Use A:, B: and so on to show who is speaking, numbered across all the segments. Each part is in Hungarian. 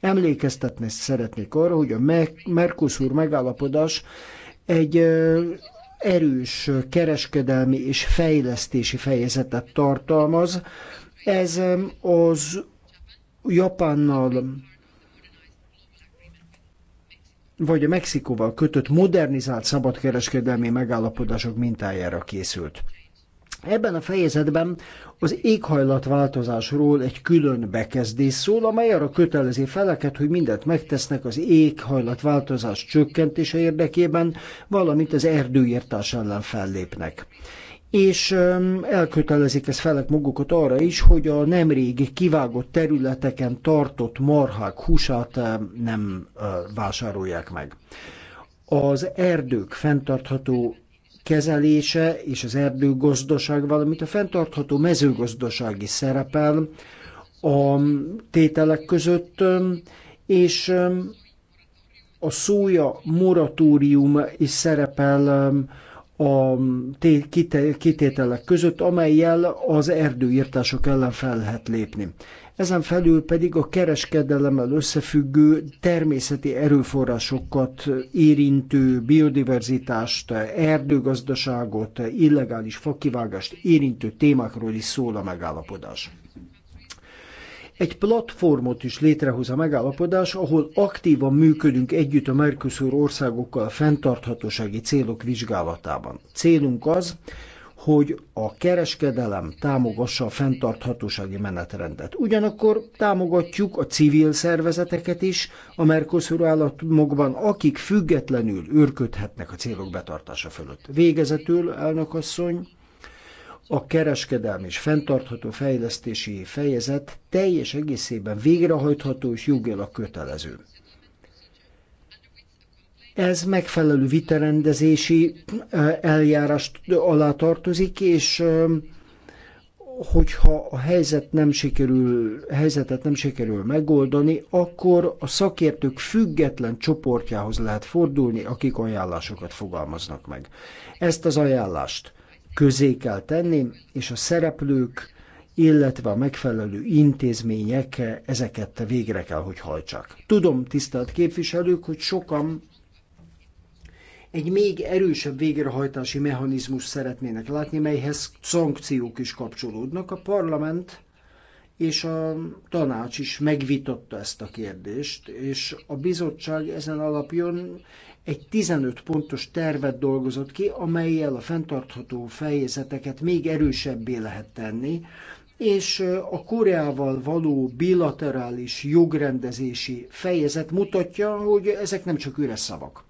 A: Emlékeztetni szeretnék arra, hogy a Mercosur megállapodás egy erős kereskedelmi és fejlesztési fejezetet tartalmaz. Ez az Japánnal vagy a Mexikóval kötött modernizált szabadkereskedelmi megállapodások mintájára készült. Ebben a fejezetben az éghajlatváltozásról egy külön bekezdés szól, amely arra kötelezi feleket, hogy mindent megtesznek az éghajlatváltozás csökkentése érdekében, valamint az erdőírtás ellen fellépnek és elkötelezik ez felek magukat arra is, hogy a nemrég kivágott területeken tartott marhák húsát nem vásárolják meg. Az erdők fenntartható kezelése és az erdőgazdaság, valamint a fenntartható mezőgazdasági szerepel a tételek között, és a szója moratórium is szerepel a kitételek között, amelyel az erdőírtások ellen fel lehet lépni ezen felül pedig a kereskedelemmel összefüggő természeti erőforrásokat érintő biodiverzitást, erdőgazdaságot, illegális fakivágást érintő témákról is szól a megállapodás. Egy platformot is létrehoz a megállapodás, ahol aktívan működünk együtt a Mercosur országokkal a fenntarthatósági célok vizsgálatában. Célunk az, hogy a kereskedelem támogassa a fenntarthatósági menetrendet. Ugyanakkor támogatjuk a civil szervezeteket is a Mercosur államokban, akik függetlenül őrködhetnek a célok betartása fölött. Végezetül, elnökasszony, a kereskedelmi és fenntartható fejlesztési fejezet teljes egészében végrehajtható és jogilag kötelező. Ez megfelelő viterendezési eljárást alá tartozik, és hogyha a helyzet nem sikerül, helyzetet nem sikerül megoldani, akkor a szakértők független csoportjához lehet fordulni, akik ajánlásokat fogalmaznak meg. Ezt az ajánlást közé kell tenni, és a szereplők, illetve a megfelelő intézmények ezeket végre kell, hogy hajtsák. Tudom, tisztelt képviselők, hogy sokan egy még erősebb végrehajtási mechanizmus szeretnének látni, melyhez szankciók is kapcsolódnak. A parlament és a tanács is megvitatta ezt a kérdést, és a bizottság ezen alapjon egy 15 pontos tervet dolgozott ki, amelyel a fenntartható fejezeteket még erősebbé lehet tenni, és a Koreával való bilaterális jogrendezési fejezet mutatja, hogy ezek nem csak üres szavak.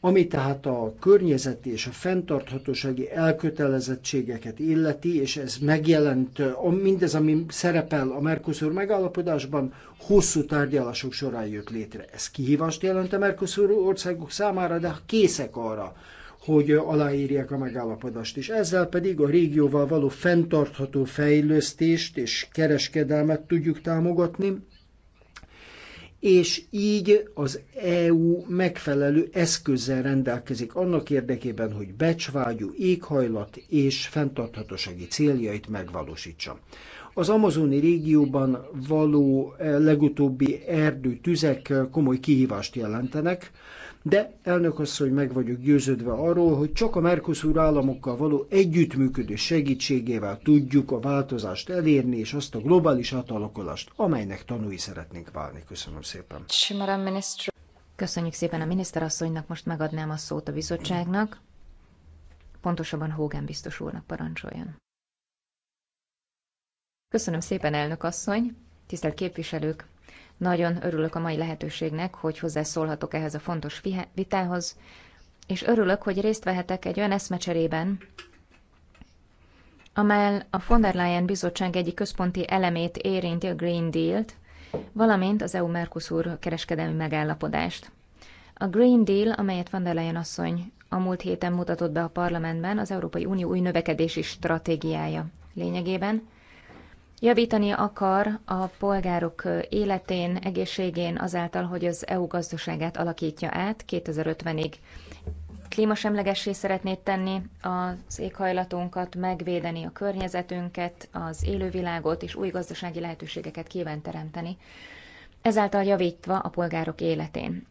A: Ami tehát a környezeti és a fenntarthatósági elkötelezettségeket illeti, és ez megjelent, mindez, ami szerepel a Mercosur megállapodásban, hosszú tárgyalások során jött létre. Ez kihívást jelent a Mercosur országok számára, de készek arra, hogy aláírják a megállapodást is. Ezzel pedig a régióval való fenntartható fejlesztést és kereskedelmet tudjuk támogatni, és így az EU megfelelő eszközzel rendelkezik annak érdekében, hogy becsvágyú éghajlat és fenntarthatósági céljait megvalósítsa. Az amazoni régióban való eh, legutóbbi erdő tüzek eh, komoly kihívást jelentenek, de elnök asszony meg vagyok győződve arról, hogy csak a Mercosur államokkal való együttműködés segítségével tudjuk a változást elérni, és azt a globális átalakulást, amelynek tanúi szeretnénk válni. Köszönöm szépen.
B: Köszönjük szépen a miniszterasszonynak, most megadnám a szót a bizottságnak. Pontosabban Hogan biztos úrnak parancsoljon. Köszönöm szépen, elnök asszony, tisztelt képviselők! Nagyon örülök a mai lehetőségnek, hogy hozzászólhatok ehhez a fontos vitához, és örülök, hogy részt vehetek egy olyan eszmecserében, amely a von der Leyen bizottság egyik központi elemét érinti a Green Deal-t, valamint az EU-Mercosur kereskedelmi megállapodást. A Green Deal, amelyet von der Leyen asszony a múlt héten mutatott be a parlamentben, az Európai Unió új növekedési stratégiája lényegében, Javítani akar a polgárok életén, egészségén azáltal, hogy az EU gazdaságát alakítja át 2050-ig. Klímasemlegessé szeretné tenni az éghajlatunkat, megvédeni a környezetünket, az élővilágot és új gazdasági lehetőségeket kíván teremteni, ezáltal javítva a polgárok életén.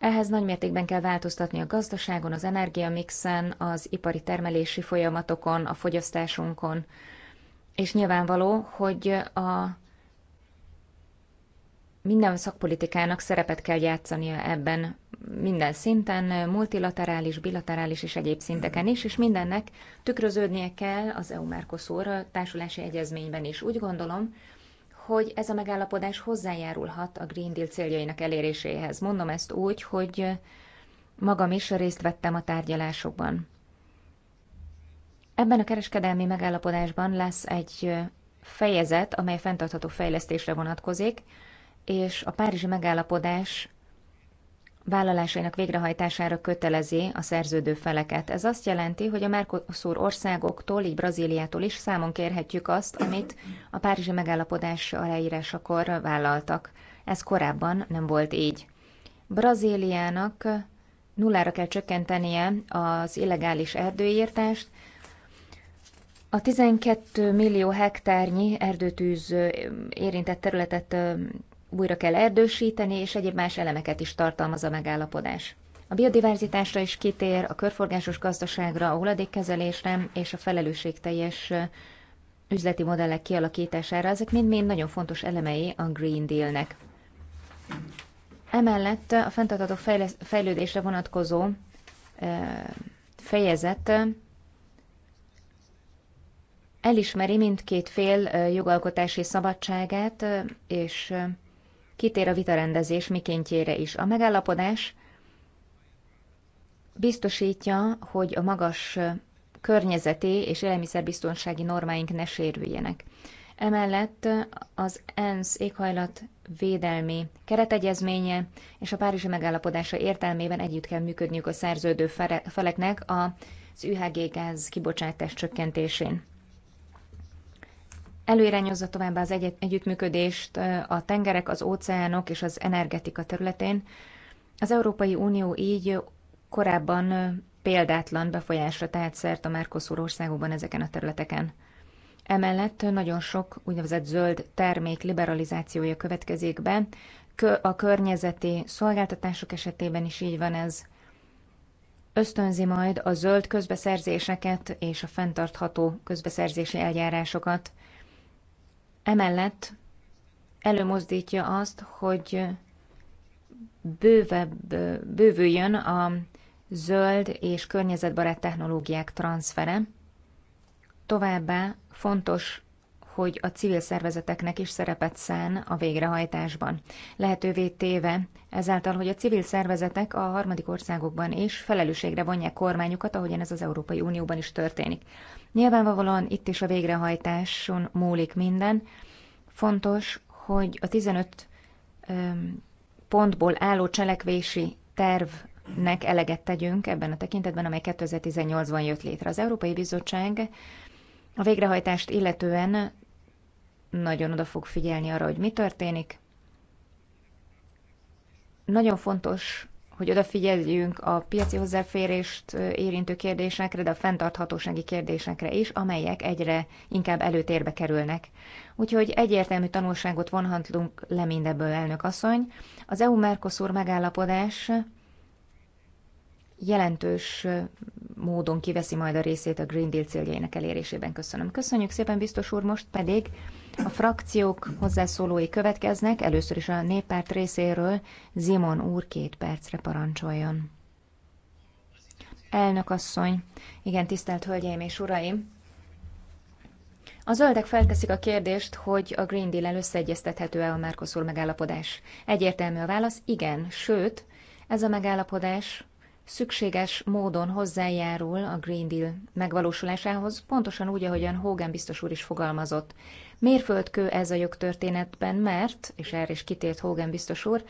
B: Ehhez nagymértékben kell változtatni a gazdaságon, az energiamixen, az ipari termelési folyamatokon, a fogyasztásunkon, és nyilvánvaló, hogy a minden szakpolitikának szerepet kell játszania ebben minden szinten, multilaterális, bilaterális és egyéb szinteken is, és mindennek tükröződnie kell az EU-Mercosur társulási egyezményben is. Úgy gondolom, hogy ez a megállapodás hozzájárulhat a Green Deal céljainak eléréséhez. Mondom ezt úgy, hogy magam is részt vettem a tárgyalásokban. Ebben a kereskedelmi megállapodásban lesz egy fejezet, amely fenntartható fejlesztésre vonatkozik, és a Párizsi megállapodás vállalásainak végrehajtására kötelezi a szerződő feleket. Ez azt jelenti, hogy a Mercosur országoktól, így Brazíliától is számon kérhetjük azt, amit a Párizsi megállapodás aláírásakor vállaltak. Ez korábban nem volt így. Brazíliának nullára kell csökkentenie az illegális erdőírtást, a 12 millió hektárnyi erdőtűz érintett területet újra kell erdősíteni, és egyéb más elemeket is tartalmaz a megállapodás. A biodiverzitásra is kitér, a körforgásos gazdaságra, a hulladékkezelésre és a felelősségteljes üzleti modellek kialakítására, ezek mind-mind nagyon fontos elemei a Green Dealnek. Emellett a fenntartható fejlődésre vonatkozó fejezet elismeri mindkét fél jogalkotási szabadságát, és kitér a vitarendezés mikéntjére is. A megállapodás biztosítja, hogy a magas környezeti és élelmiszerbiztonsági normáink ne sérüljenek. Emellett az ENSZ éghajlat védelmi keretegyezménye és a Párizsi megállapodása értelmében együtt kell működniük a szerződő feleknek az UHG gáz kibocsátás csökkentésén előirányozza továbbá az egy- együttműködést a tengerek, az óceánok és az energetika területén. Az Európai Unió így korábban példátlan befolyásra tehet szert a Mercosur országokban ezeken a területeken. Emellett nagyon sok úgynevezett zöld termék liberalizációja következik be, a környezeti szolgáltatások esetében is így van ez. Ösztönzi majd a zöld közbeszerzéseket és a fenntartható közbeszerzési eljárásokat. Emellett előmozdítja azt, hogy bővebb, bővüljön a zöld és környezetbarát technológiák transfere. Továbbá fontos, hogy a civil szervezeteknek is szerepet szán a végrehajtásban. Lehetővé téve ezáltal, hogy a civil szervezetek a harmadik országokban is felelősségre vonják kormányukat, ahogyan ez az Európai Unióban is történik. Nyilvánvalóan itt is a végrehajtáson múlik minden. Fontos, hogy a 15 pontból álló cselekvési tervnek eleget tegyünk ebben a tekintetben, amely 2018-ban jött létre. Az Európai Bizottság a végrehajtást illetően nagyon oda fog figyelni arra, hogy mi történik. Nagyon fontos hogy odafigyeljünk a piaci hozzáférést érintő kérdésekre, de a fenntarthatósági kérdésekre is, amelyek egyre inkább előtérbe kerülnek. Úgyhogy egyértelmű tanulságot vonhatunk le mindebből, elnök asszony. Az EU-Mercosur megállapodás jelentős módon kiveszi majd a részét a Green Deal céljainak elérésében. Köszönöm. Köszönjük szépen, biztos úr, most pedig a frakciók hozzászólói következnek, először is a néppárt részéről Zimon úr két percre parancsoljon. Elnök asszony, igen, tisztelt hölgyeim és uraim! A zöldek felteszik a kérdést, hogy a Green Deal-el összeegyeztethető-e a Mercosur megállapodás. Egyértelmű a válasz, igen, sőt, ez a megállapodás szükséges módon hozzájárul a Green Deal megvalósulásához, pontosan úgy, ahogyan Hogan biztos úr is fogalmazott. Mérföldkő ez a jogtörténetben, mert, és erre is kitért Hogan biztos úr,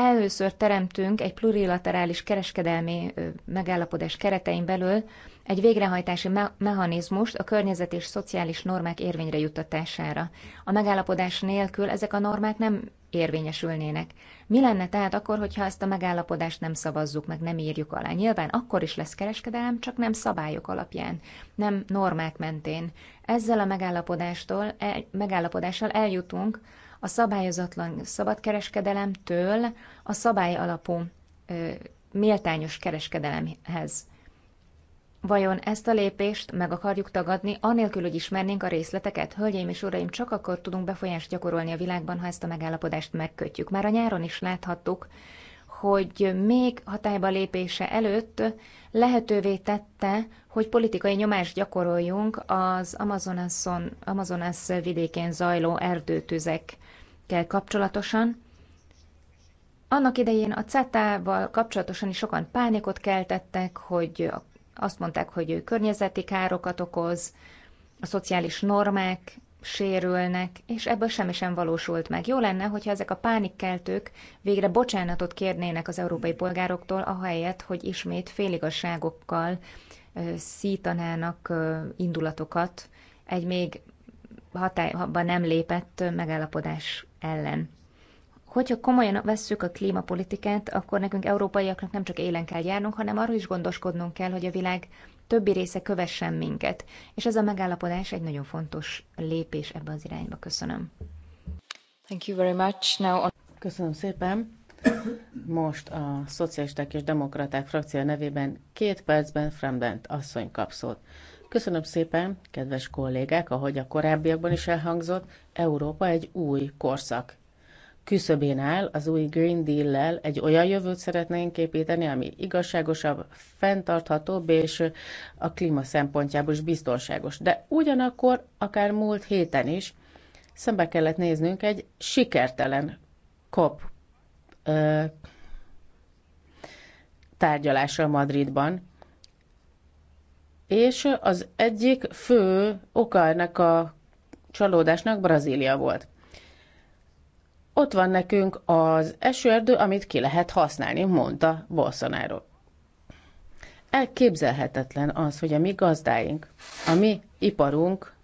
B: először teremtünk egy plurilaterális kereskedelmi megállapodás keretein belül egy végrehajtási mechanizmust a környezet és szociális normák érvényre juttatására. A megállapodás nélkül ezek a normák nem érvényesülnének. Mi lenne tehát akkor, hogyha ezt a megállapodást nem szavazzuk meg, nem írjuk alá? Nyilván akkor is lesz kereskedelem, csak nem szabályok alapján, nem normák mentén. Ezzel a megállapodástól, megállapodással eljutunk a szabályozatlan szabadkereskedelemtől a szabály alapú méltányos kereskedelemhez. Vajon ezt a lépést meg akarjuk tagadni, anélkül, hogy ismernénk a részleteket? Hölgyeim és uraim, csak akkor tudunk befolyást gyakorolni a világban, ha ezt a megállapodást megkötjük. Már a nyáron is láthattuk, hogy még hatályba lépése előtt lehetővé tette, hogy politikai nyomást gyakoroljunk az Amazonason, Amazonas vidékén zajló erdőtüzekkel kapcsolatosan. Annak idején a CETA-val kapcsolatosan is sokan pánikot keltettek, hogy azt mondták, hogy környezeti károkat okoz, a szociális normák sérülnek, és ebből semmi sem valósult meg. Jó lenne, hogyha ezek a pánikkeltők végre bocsánatot kérnének az európai polgároktól, ahelyett, hogy ismét féligasságokkal szítanának indulatokat egy még hatályban nem lépett megállapodás ellen. Hogyha komolyan vesszük a klímapolitikát, akkor nekünk európaiaknak nem csak élen kell járnunk, hanem arról is gondoskodnunk kell, hogy a világ többi része kövessen minket. És ez a megállapodás egy nagyon fontos lépés ebbe az irányba. Köszönöm.
C: Thank you very much. Now on... Köszönöm szépen. Most a szocialisták és demokraták frakció nevében két percben Fremdent asszony kap szót. Köszönöm szépen, kedves kollégák, ahogy a korábbiakban is elhangzott, Európa egy új korszak. Küszöbén áll az új Green Deal-lel egy olyan jövőt szeretnénk építeni, ami igazságosabb, fenntarthatóbb és a klíma szempontjából is biztonságos. De ugyanakkor, akár múlt héten is, szembe kellett néznünk egy sikertelen COP tárgyalásra Madridban. És az egyik fő oka ennek a csalódásnak Brazília volt. Ott van nekünk az esőerdő, amit ki lehet használni, mondta Bolsonaro. Elképzelhetetlen az, hogy a mi gazdáink, a mi iparunk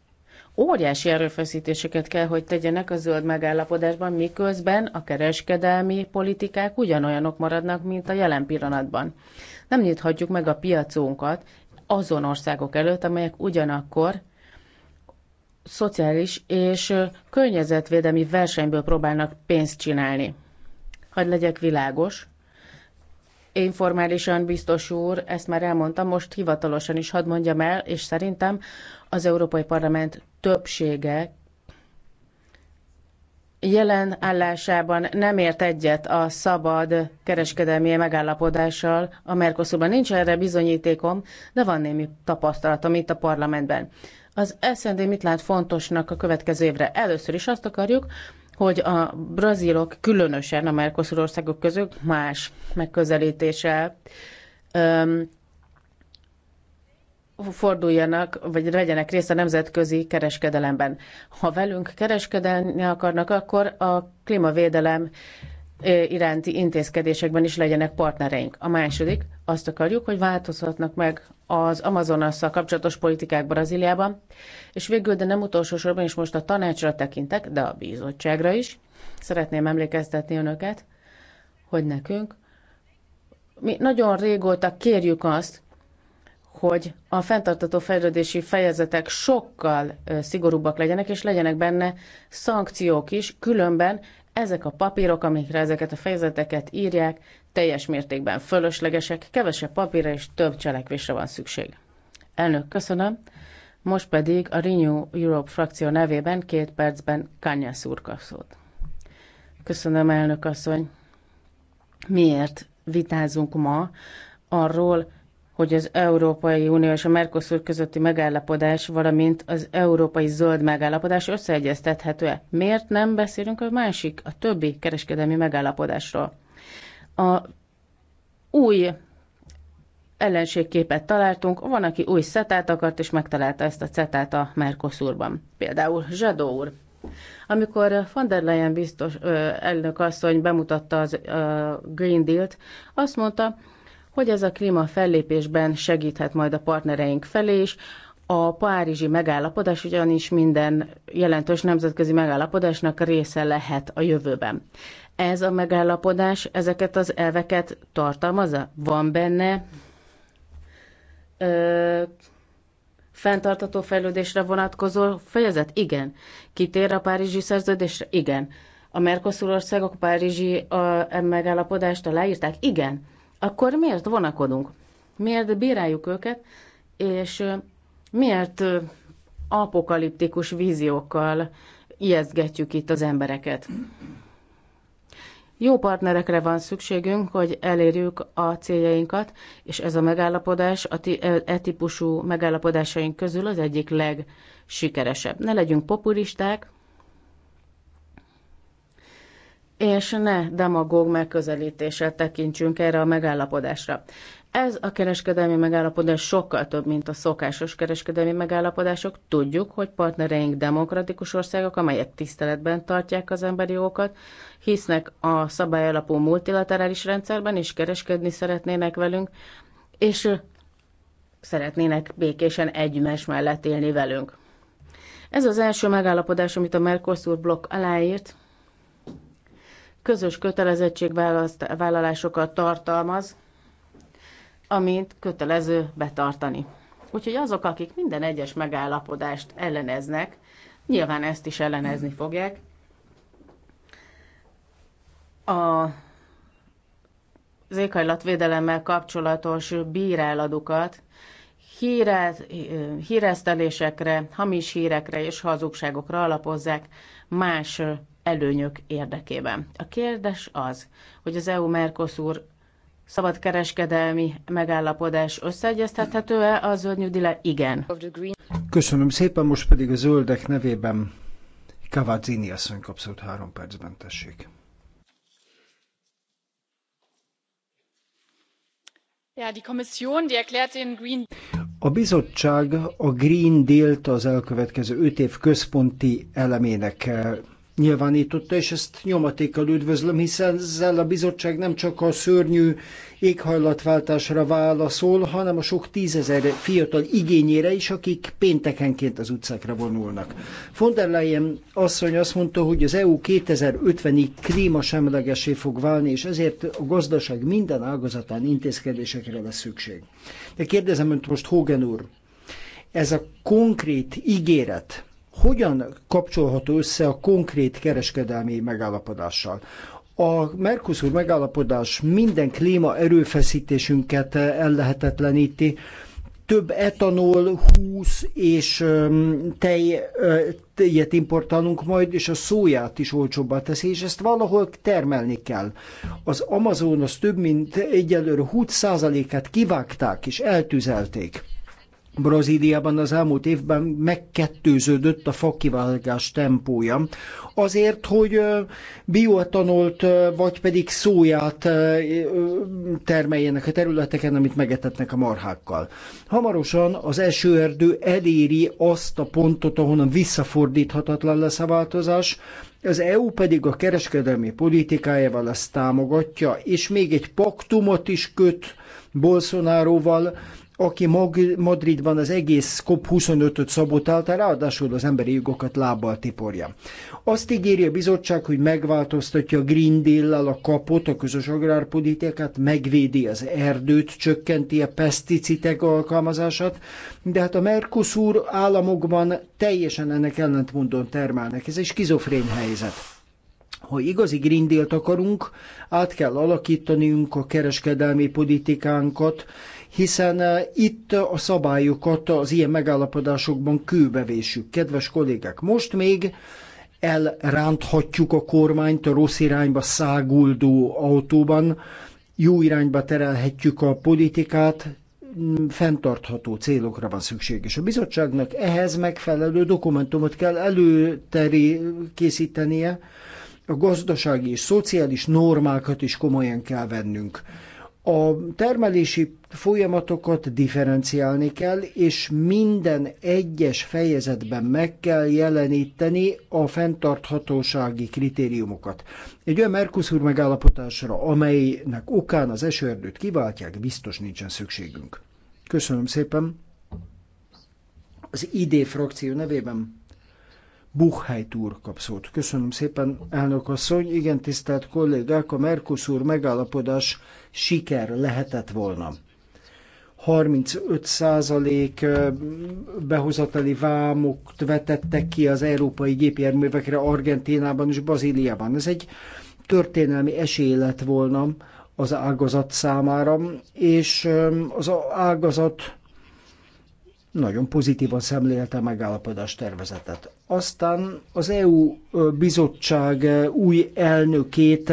C: óriási erőfeszítéseket kell, hogy tegyenek a zöld megállapodásban, miközben a kereskedelmi politikák ugyanolyanok maradnak, mint a jelen pillanatban. Nem nyithatjuk meg a piacunkat azon országok előtt, amelyek ugyanakkor szociális és környezetvédelmi versenyből próbálnak pénzt csinálni. Hagy legyek világos, informálisan, biztos úr, ezt már elmondtam, most hivatalosan is hadd mondjam el, és szerintem az Európai Parlament többsége jelen állásában nem ért egyet a szabad kereskedelmi megállapodással a Mercosurban. Nincs erre bizonyítékom, de van némi tapasztalatom itt a parlamentben. Az SZND mit lát fontosnak a következő évre? Először is azt akarjuk, hogy a brazilok, különösen a Mercosur országok közül más megközelítéssel forduljanak, vagy vegyenek részt a nemzetközi kereskedelemben. Ha velünk kereskedelni akarnak, akkor a klímavédelem iránti intézkedésekben is legyenek partnereink. A második, azt akarjuk, hogy változhatnak meg az Amazonasszal kapcsolatos politikák Brazíliában, és végül, de nem utolsó sorban is most a tanácsra tekintek, de a bizottságra is. Szeretném emlékeztetni önöket, hogy nekünk mi nagyon régóta kérjük azt, hogy a fenntartató fejlődési fejezetek sokkal szigorúbbak legyenek, és legyenek benne szankciók is, különben ezek a papírok, amikre ezeket a fejezeteket írják, teljes mértékben fölöslegesek, kevesebb papírra és több cselekvésre van szükség. Elnök, köszönöm. Most pedig a Renew Europe frakció nevében két percben Kanya úr szót. Köszönöm, elnök asszony. Miért vitázunk ma arról, hogy az Európai Unió és a Mercosur közötti megállapodás, valamint az Európai Zöld megállapodás összeegyeztethető-e? Miért nem beszélünk a másik, a többi kereskedelmi megállapodásról? A új ellenségképet találtunk, van, aki új szetát akart, és megtalálta ezt a cetát a Mercosurban. Például Zsadó úr. Amikor von der Leyen biztos ö, elnök asszony bemutatta az ö, Green Deal-t, azt mondta, hogy ez a klíma fellépésben segíthet majd a partnereink felé is. A párizsi megállapodás ugyanis minden jelentős nemzetközi megállapodásnak része lehet a jövőben. Ez a megállapodás ezeket az elveket tartalmazza? Van benne ö, fenntartató fejlődésre vonatkozó fejezet? Igen. Kitér a Párizsi szerződésre? Igen. A Mercosur országok Párizsi a, a megállapodást aláírták? Igen akkor miért vonakodunk? Miért bíráljuk őket, és miért apokaliptikus víziókkal ijesztgetjük itt az embereket? Jó partnerekre van szükségünk, hogy elérjük a céljainkat, és ez a megállapodás, a e típusú megállapodásaink közül az egyik legsikeresebb. Ne legyünk populisták, és ne demagóg megközelítéssel tekintsünk erre a megállapodásra. Ez a kereskedelmi megállapodás sokkal több, mint a szokásos kereskedelmi megállapodások. Tudjuk, hogy partnereink demokratikus országok, amelyek tiszteletben tartják az emberi jogokat, hisznek a szabályalapú multilaterális rendszerben, és kereskedni szeretnének velünk, és szeretnének békésen egymás mellett élni velünk. Ez az első megállapodás, amit a Mercosur blokk aláírt, közös kötelezettségvállalásokat tartalmaz, amit kötelező betartani. Úgyhogy azok, akik minden egyes megállapodást elleneznek, nyilván ezt is ellenezni fogják. A az éghajlatvédelemmel kapcsolatos bíráladukat híret, híresztelésekre, hamis hírekre és hazugságokra alapozzák más előnyök érdekében. A kérdés az, hogy az EU-Mercosur szabadkereskedelmi megállapodás összeegyeztethető-e a zöld nyugdíjra? Igen.
A: Köszönöm szépen, most pedig a zöldek nevében Kavadzini asszony kapszott három percben, tessék.
C: Ja, die Kommission, die erklärt den Green
A: a bizottság a Green Deal-t az elkövetkező öt év központi elemének eh, nyilvánította, és ezt nyomatékkal üdvözlöm, hiszen ezzel a bizottság nem csak a szörnyű éghajlatváltásra válaszol, hanem a sok tízezer fiatal igényére is, akik péntekenként az utcákra vonulnak. Von der Leyen asszony azt mondta, hogy az EU 2050-ig semlegesé fog válni, és ezért a gazdaság minden ágazatán intézkedésekre lesz szükség. De kérdezem önt most, Hogan úr, ez a konkrét ígéret, hogyan kapcsolható össze a konkrét kereskedelmi megállapodással. A Mercosur megállapodás minden klíma erőfeszítésünket ellehetetleníti, több etanol, húsz és tej, tejet importálunk majd, és a szóját is olcsóbbá teszi, és ezt valahol termelni kell. Az Amazonas több mint egyelőre 20%-át kivágták és eltüzelték. Brazíliában az elmúlt évben megkettőződött a fakivágás tempója. Azért, hogy bioetanolt vagy pedig szóját termeljenek a területeken, amit megetetnek a marhákkal. Hamarosan az esőerdő eléri azt a pontot, ahonnan visszafordíthatatlan lesz a változás, az EU pedig a kereskedelmi politikájával ezt támogatja, és még egy paktumot is köt Bolsonaroval, aki Madridban az egész COP25-öt szabotálta, ráadásul az emberi jogokat lábbal tiporja. Azt ígéri a bizottság, hogy megváltoztatja a Green Deal-lel a kapot, a közös agrárpolitikát, megvédi az erdőt, csökkenti a peszticidek alkalmazását, de hát a Mercosur államokban teljesen ennek ellentmondón termelnek. Ez egy skizofrén helyzet. Ha igazi Green Deal-t akarunk, át kell alakítanunk a kereskedelmi politikánkat, hiszen eh, itt a szabályokat az ilyen megállapodásokban kőbevésük. Kedves kollégák, most még elránthatjuk a kormányt a rossz irányba száguldó autóban, jó irányba terelhetjük a politikát, fenntartható célokra van szükség, és a bizottságnak ehhez megfelelő dokumentumot kell előteri készítenie, a gazdasági és szociális normákat is komolyan kell vennünk. A termelési folyamatokat differenciálni kell, és minden egyes fejezetben meg kell jeleníteni a fenntarthatósági kritériumokat. Egy olyan Mercosur megállapotásra, amelynek okán az esőerdőt kiváltják, biztos nincsen szükségünk. Köszönöm szépen! Az ID frakció nevében Buchheit úr kap szót. Köszönöm szépen, elnök asszony. Igen, tisztelt kollégák, a Mercosur megállapodás siker lehetett volna. 35% behozatali vámokt vetettek ki az európai gépjárművekre Argentínában és Brazíliában. Ez egy történelmi esély lett volna az ágazat számára, és az ágazat nagyon pozitívan szemlélte a megállapodás tervezetet. Aztán az EU bizottság új elnökét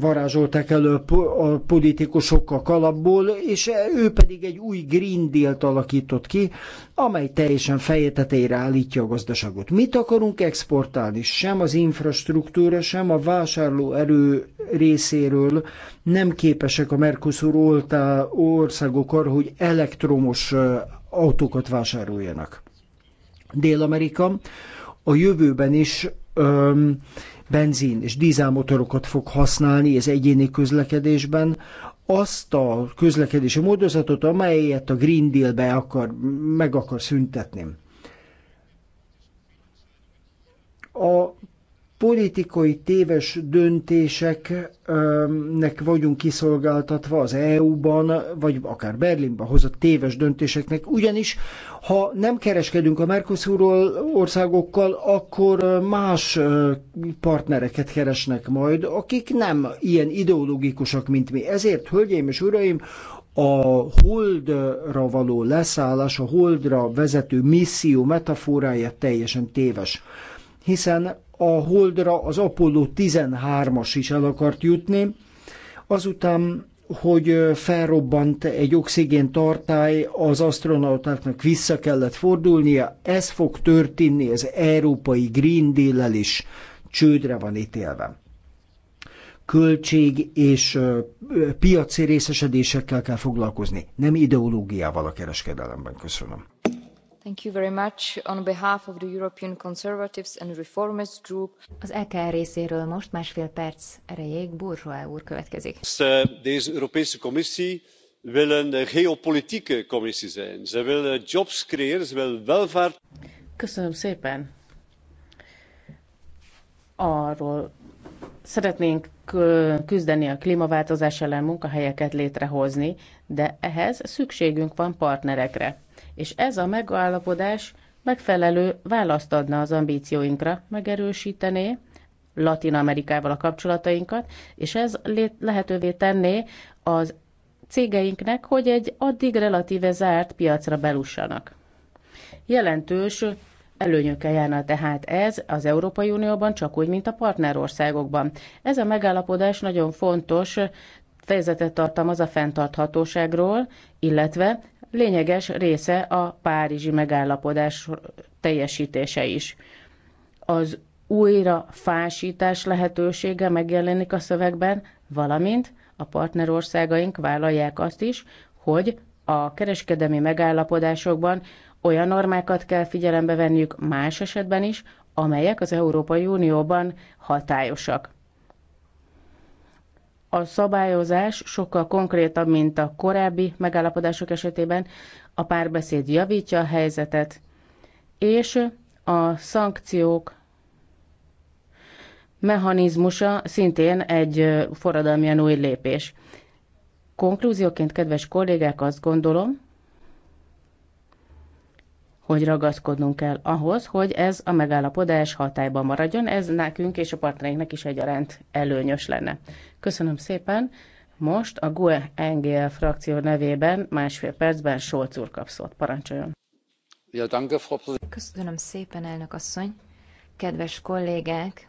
A: varázsolták elő a politikusok a kalapból, és ő pedig egy új Green Deal-t alakított ki, amely teljesen feje állítja a gazdaságot. Mit akarunk exportálni? Sem az infrastruktúra, sem a vásárlóerő részéről nem képesek a Mercosur országok arra, hogy elektromos autókat vásároljanak. Dél-Amerika a jövőben is öm, benzin és dízelmotorokat fog használni az egyéni közlekedésben, azt a közlekedési módozatot, amelyet a Green Deal-be akar, meg akar szüntetni. A politikai téves döntéseknek vagyunk kiszolgáltatva az EU-ban, vagy akár Berlinben hozott téves döntéseknek, ugyanis ha nem kereskedünk a Mercosur országokkal, akkor más partnereket keresnek majd, akik nem ilyen ideológikusak, mint mi. Ezért, hölgyeim és uraim, a holdra való leszállás, a holdra vezető misszió metaforája teljesen téves. Hiszen a Holdra az Apollo 13-as is el akart jutni, azután, hogy felrobbant egy oxigén tartály, az astronautáknak vissza kellett fordulnia, ez fog történni az európai Green Deal-lel is, csődre van ítélve költség és piaci részesedésekkel kell foglalkozni, nem ideológiával a kereskedelemben. Köszönöm.
B: Az EKR részéről most másfél perc erejéig Bourgeois úr következik.
A: Eh, Deze Europese Commissie wil een geopolitieke commissie zijn. Ze wil eh, jobs creëren, ze wil welvaart.
C: Köszönöm szépen. Arról szeretnénk eh, küzdeni a klímaváltozás ellen, munkahelyeket létrehozni, de ehhez szükségünk van partnerekre és ez a megállapodás megfelelő választ adna az ambícióinkra, megerősítené Latin Amerikával a kapcsolatainkat, és ez lehetővé tenné az cégeinknek, hogy egy addig relatíve zárt piacra belussanak. Jelentős előnyökkel járna tehát ez az Európai Unióban, csak úgy, mint a partnerországokban. Ez a megállapodás nagyon fontos fejezetet tartalmaz a fenntarthatóságról, illetve lényeges része a Párizsi megállapodás teljesítése is. Az újra fásítás lehetősége megjelenik a szövegben, valamint a partnerországaink vállalják azt is, hogy a kereskedelmi megállapodásokban olyan normákat kell figyelembe venniük más esetben is, amelyek az Európai Unióban hatályosak a szabályozás sokkal konkrétabb, mint a korábbi megállapodások esetében, a párbeszéd javítja a helyzetet, és a szankciók mechanizmusa szintén egy forradalmian új lépés. Konklúzióként, kedves kollégák, azt gondolom, hogy ragaszkodnunk kell ahhoz, hogy ez a megállapodás hatályban maradjon. Ez nekünk és a partnereinknek is egyaránt előnyös lenne. Köszönöm szépen. Most a GUE NGL frakció nevében másfél percben Solc úr kap szót. Parancsoljon. Köszönöm szépen, elnök asszony. Kedves kollégák,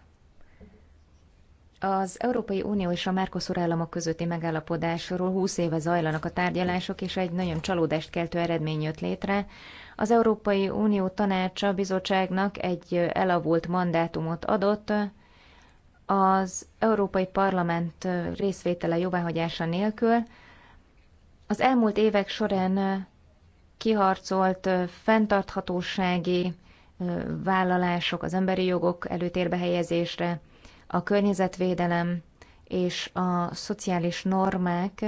B: az Európai Unió és a Mercosur államok közötti megállapodásról 20 éve zajlanak a tárgyalások, és egy nagyon csalódást keltő eredmény jött létre. Az Európai Unió tanácsa bizottságnak egy elavult mandátumot adott, az Európai Parlament részvétele jóváhagyása nélkül. Az elmúlt évek során kiharcolt fenntarthatósági vállalások az emberi jogok előtérbe helyezésre, a környezetvédelem és a szociális normák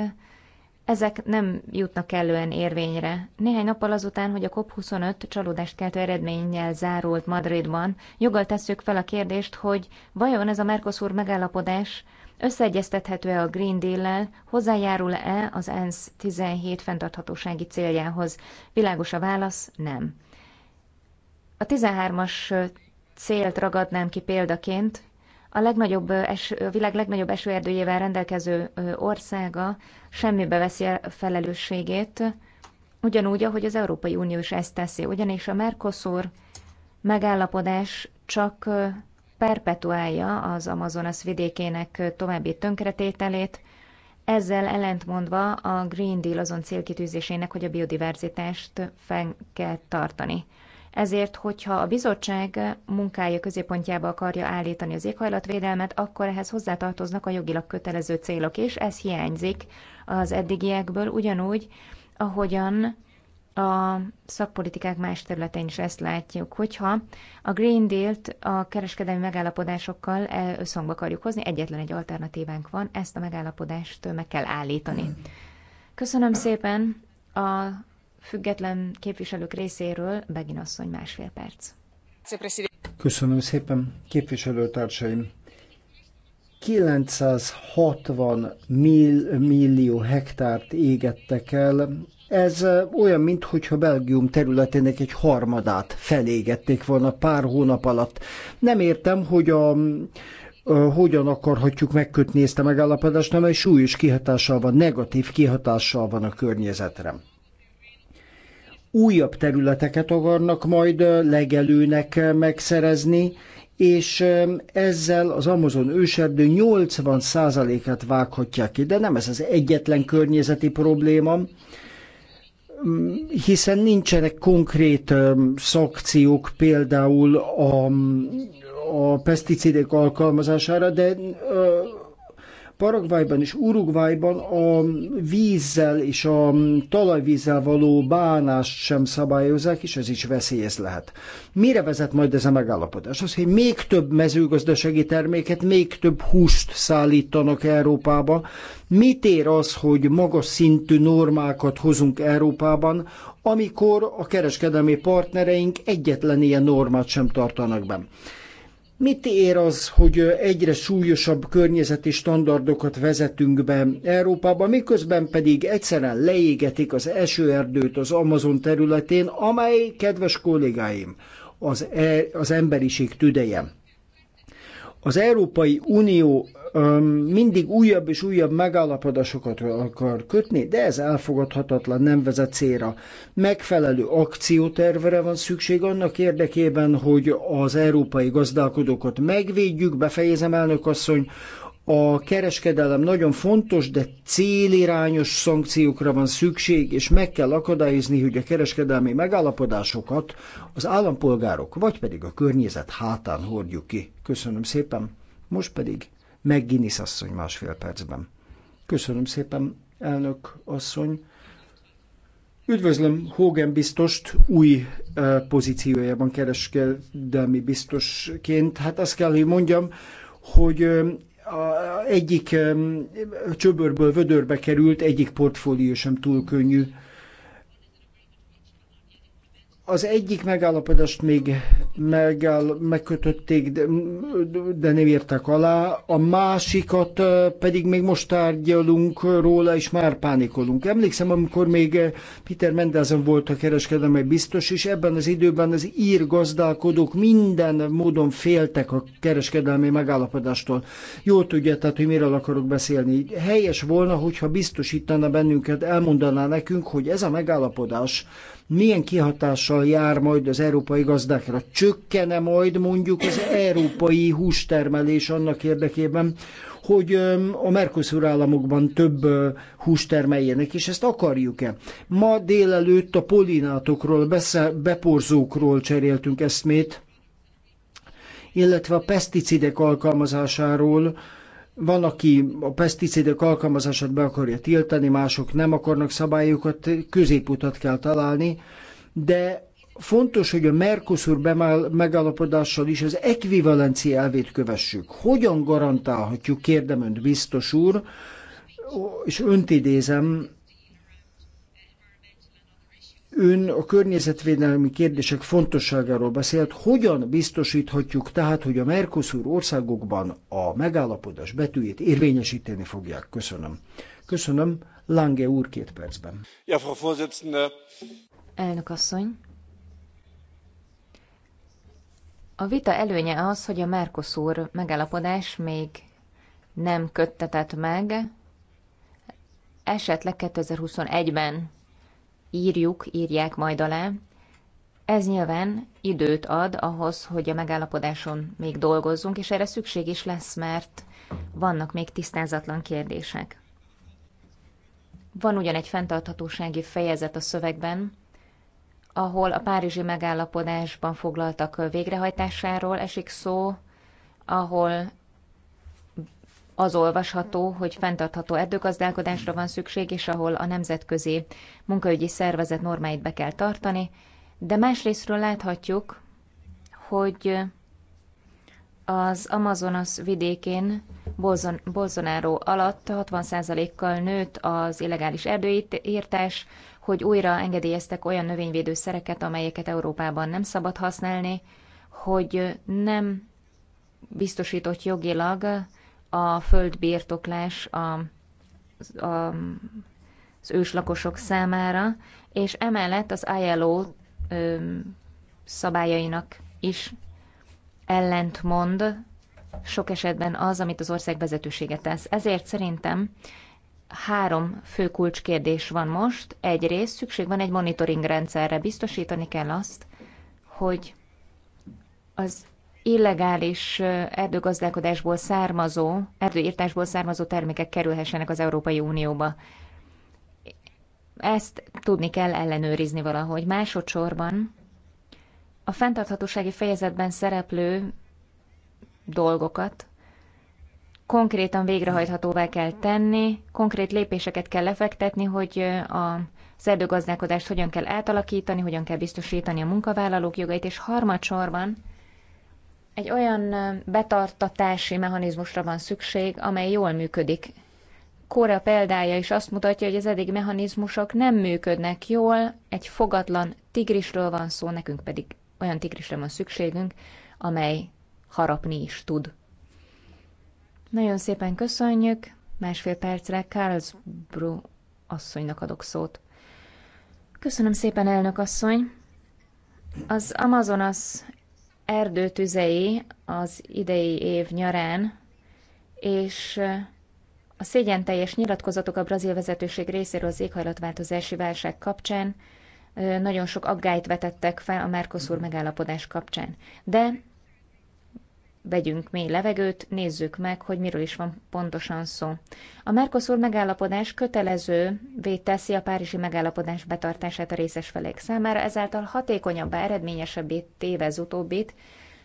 B: ezek nem jutnak kellően érvényre. Néhány nappal azután, hogy a COP25 csalódást keltő eredménnyel zárult Madridban, joggal tesszük fel a kérdést, hogy vajon ez a Mercosur megállapodás összeegyeztethető-e a Green Deal-lel, hozzájárul-e az ENSZ 17 fenntarthatósági céljához? Világos a válasz, nem. A 13-as célt ragadnám ki példaként, a legnagyobb eső, a világ legnagyobb esőerdőjével rendelkező országa semmibe veszi a felelősségét, ugyanúgy, ahogy az Európai Unió is ezt teszi. Ugyanis a Mercosur megállapodás csak perpetuálja az Amazonas vidékének további tönkretételét, ezzel ellentmondva a Green Deal azon célkitűzésének, hogy a biodiverzitást fenn kell tartani. Ezért, hogyha a bizottság munkája középpontjába akarja állítani az éghajlatvédelmet, akkor ehhez hozzátartoznak a jogilag kötelező célok, és ez hiányzik az eddigiekből, ugyanúgy, ahogyan a szakpolitikák más területein is ezt látjuk, hogyha a Green Deal-t a kereskedelmi megállapodásokkal összhangba akarjuk hozni, egyetlen egy alternatívánk van, ezt a megállapodást meg kell állítani. Köszönöm szépen a független képviselők részéről Begin asszony másfél perc.
A: Köszönöm szépen, képviselőtársaim! 960 millió hektárt égettek el. Ez olyan, mintha Belgium területének egy harmadát felégették volna pár hónap alatt. Nem értem, hogy a, hogyan akarhatjuk megkötni ezt a megállapodást, amely súlyos kihatással van, negatív kihatással van a környezetre újabb területeket akarnak majd legelőnek megszerezni, és ezzel az Amazon őserdő 80%-át vághatják ki, de nem ez az egyetlen környezeti probléma, mm, hiszen nincsenek konkrét szakciók például a, a peszticidek alkalmazására, de Paraguayban és Uruguayban a vízzel és a talajvízzel való bánást sem szabályozzák, és ez is veszélyes lehet. Mire vezet majd ez a megállapodás? Az, hogy még több mezőgazdasági terméket, még több húst szállítanak Európába. Mit ér az, hogy magas szintű normákat hozunk Európában, amikor a kereskedelmi partnereink egyetlen ilyen normát sem tartanak benne? Mit ér az, hogy egyre súlyosabb környezeti standardokat vezetünk be Európába, miközben pedig egyszerűen leégetik az esőerdőt az Amazon területén, amely, kedves kollégáim, az, e, az emberiség tüdeje. Az Európai Unió mindig újabb és újabb megállapodásokat akar kötni, de ez elfogadhatatlan, nem vezet célra. Megfelelő akciótervre van szükség annak érdekében, hogy az európai gazdálkodókat megvédjük, befejezem elnök asszony, a kereskedelem nagyon fontos, de célirányos szankciókra van szükség, és meg kell akadályozni, hogy a kereskedelmi megállapodásokat az állampolgárok, vagy pedig a környezet hátán hordjuk ki. Köszönöm szépen. Most pedig meg Guinness asszony másfél percben. Köszönöm szépen, elnök asszony. Üdvözlöm Hogan biztost új eh, pozíciójában kereskedelmi biztosként. Hát azt kell, hogy mondjam, hogy eh, egyik eh, csöbörből vödörbe került, egyik portfólió sem túl könnyű az egyik megállapodást még megáll, megkötötték, de, de nem írtak alá, a másikat pedig még most tárgyalunk róla, és már pánikolunk. Emlékszem, amikor még Peter Mendelsen volt a kereskedelmi biztos, és ebben az időben az ír gazdálkodók minden módon féltek a kereskedelmi megállapodástól. Jól tudja, tehát, hogy miről akarok beszélni. Helyes volna, hogyha biztosítana bennünket, elmondaná nekünk, hogy ez a megállapodás, milyen kihatással jár majd az európai gazdákra. Csökkene majd mondjuk az európai hústermelés annak érdekében, hogy a Mercosur államokban több húst termeljenek, és ezt akarjuk-e? Ma délelőtt a polinátokról, beporzókról cseréltünk eszmét, illetve a peszticidek alkalmazásáról, van, aki a peszticidek alkalmazását be akarja tiltani, mások nem akarnak szabályokat, középutat kell találni, de fontos, hogy a Mercosur megállapodással is az ekvivalencia elvét kövessük. Hogyan garantálhatjuk, kérdem önt biztos úr, és önt idézem, Ön a környezetvédelmi kérdések fontosságáról beszélt. Hogyan biztosíthatjuk tehát, hogy a Mercosur országokban a megállapodás betűjét érvényesíteni fogják? Köszönöm. Köszönöm. Lange úr két percben. Ja, Frau Vorsitzende. Elnök asszony.
B: A vita előnye az, hogy a Mercosur megállapodás még nem köttetett meg, esetleg 2021-ben írjuk, írják majd alá. Ez nyilván időt ad ahhoz, hogy a megállapodáson még dolgozzunk, és erre szükség is lesz, mert vannak még tisztázatlan kérdések. Van ugyan egy fenntarthatósági fejezet a szövegben, ahol a párizsi megállapodásban foglaltak végrehajtásáról esik szó, ahol az olvasható, hogy fenntartható erdőgazdálkodásra van szükség, és ahol a nemzetközi munkaügyi szervezet normáit be kell tartani, de másrésztről láthatjuk, hogy az Amazonas vidékén Bolzon, Bolsonaro alatt 60%-kal nőtt az illegális erdőírtás, hogy újra engedélyeztek olyan növényvédő szereket, amelyeket Európában nem szabad használni, hogy nem biztosított jogilag a földbirtoklás a, a, az őslakosok számára, és emellett az ILO ö, szabályainak is ellentmond sok esetben az, amit az ország vezetősége tesz. Ezért szerintem három fő kulcskérdés van most. Egyrészt szükség van egy monitoring rendszerre. Biztosítani kell azt, hogy az illegális erdőgazdálkodásból származó, erdőírtásból származó termékek kerülhessenek az Európai Unióba. Ezt tudni kell ellenőrizni valahogy. Másodszorban a fenntarthatósági fejezetben szereplő dolgokat konkrétan végrehajthatóvá kell tenni, konkrét lépéseket kell lefektetni, hogy a az erdőgazdálkodást hogyan kell átalakítani, hogyan kell biztosítani a munkavállalók jogait, és harmadsorban egy olyan betartatási mechanizmusra van szükség, amely jól működik. Kóra példája is azt mutatja, hogy az eddig mechanizmusok nem működnek jól, egy fogatlan tigrisről van szó, nekünk pedig olyan tigrisre van szükségünk, amely harapni is tud. Nagyon szépen köszönjük, másfél percre Karlsbru asszonynak adok szót. Köszönöm szépen, elnök asszony! Az Amazonas erdőtüzei az idei év nyarán, és a szégyenteljes nyilatkozatok a brazil vezetőség részéről az éghajlatváltozási válság kapcsán nagyon sok aggályt vetettek fel a Mercosur megállapodás kapcsán. De vegyünk mély levegőt, nézzük meg, hogy miről is van pontosan szó. A Mercosur megállapodás kötelező teszi a Párizsi megállapodás betartását a részes felek számára, ezáltal hatékonyabbá, eredményesebbé téve az utóbbit,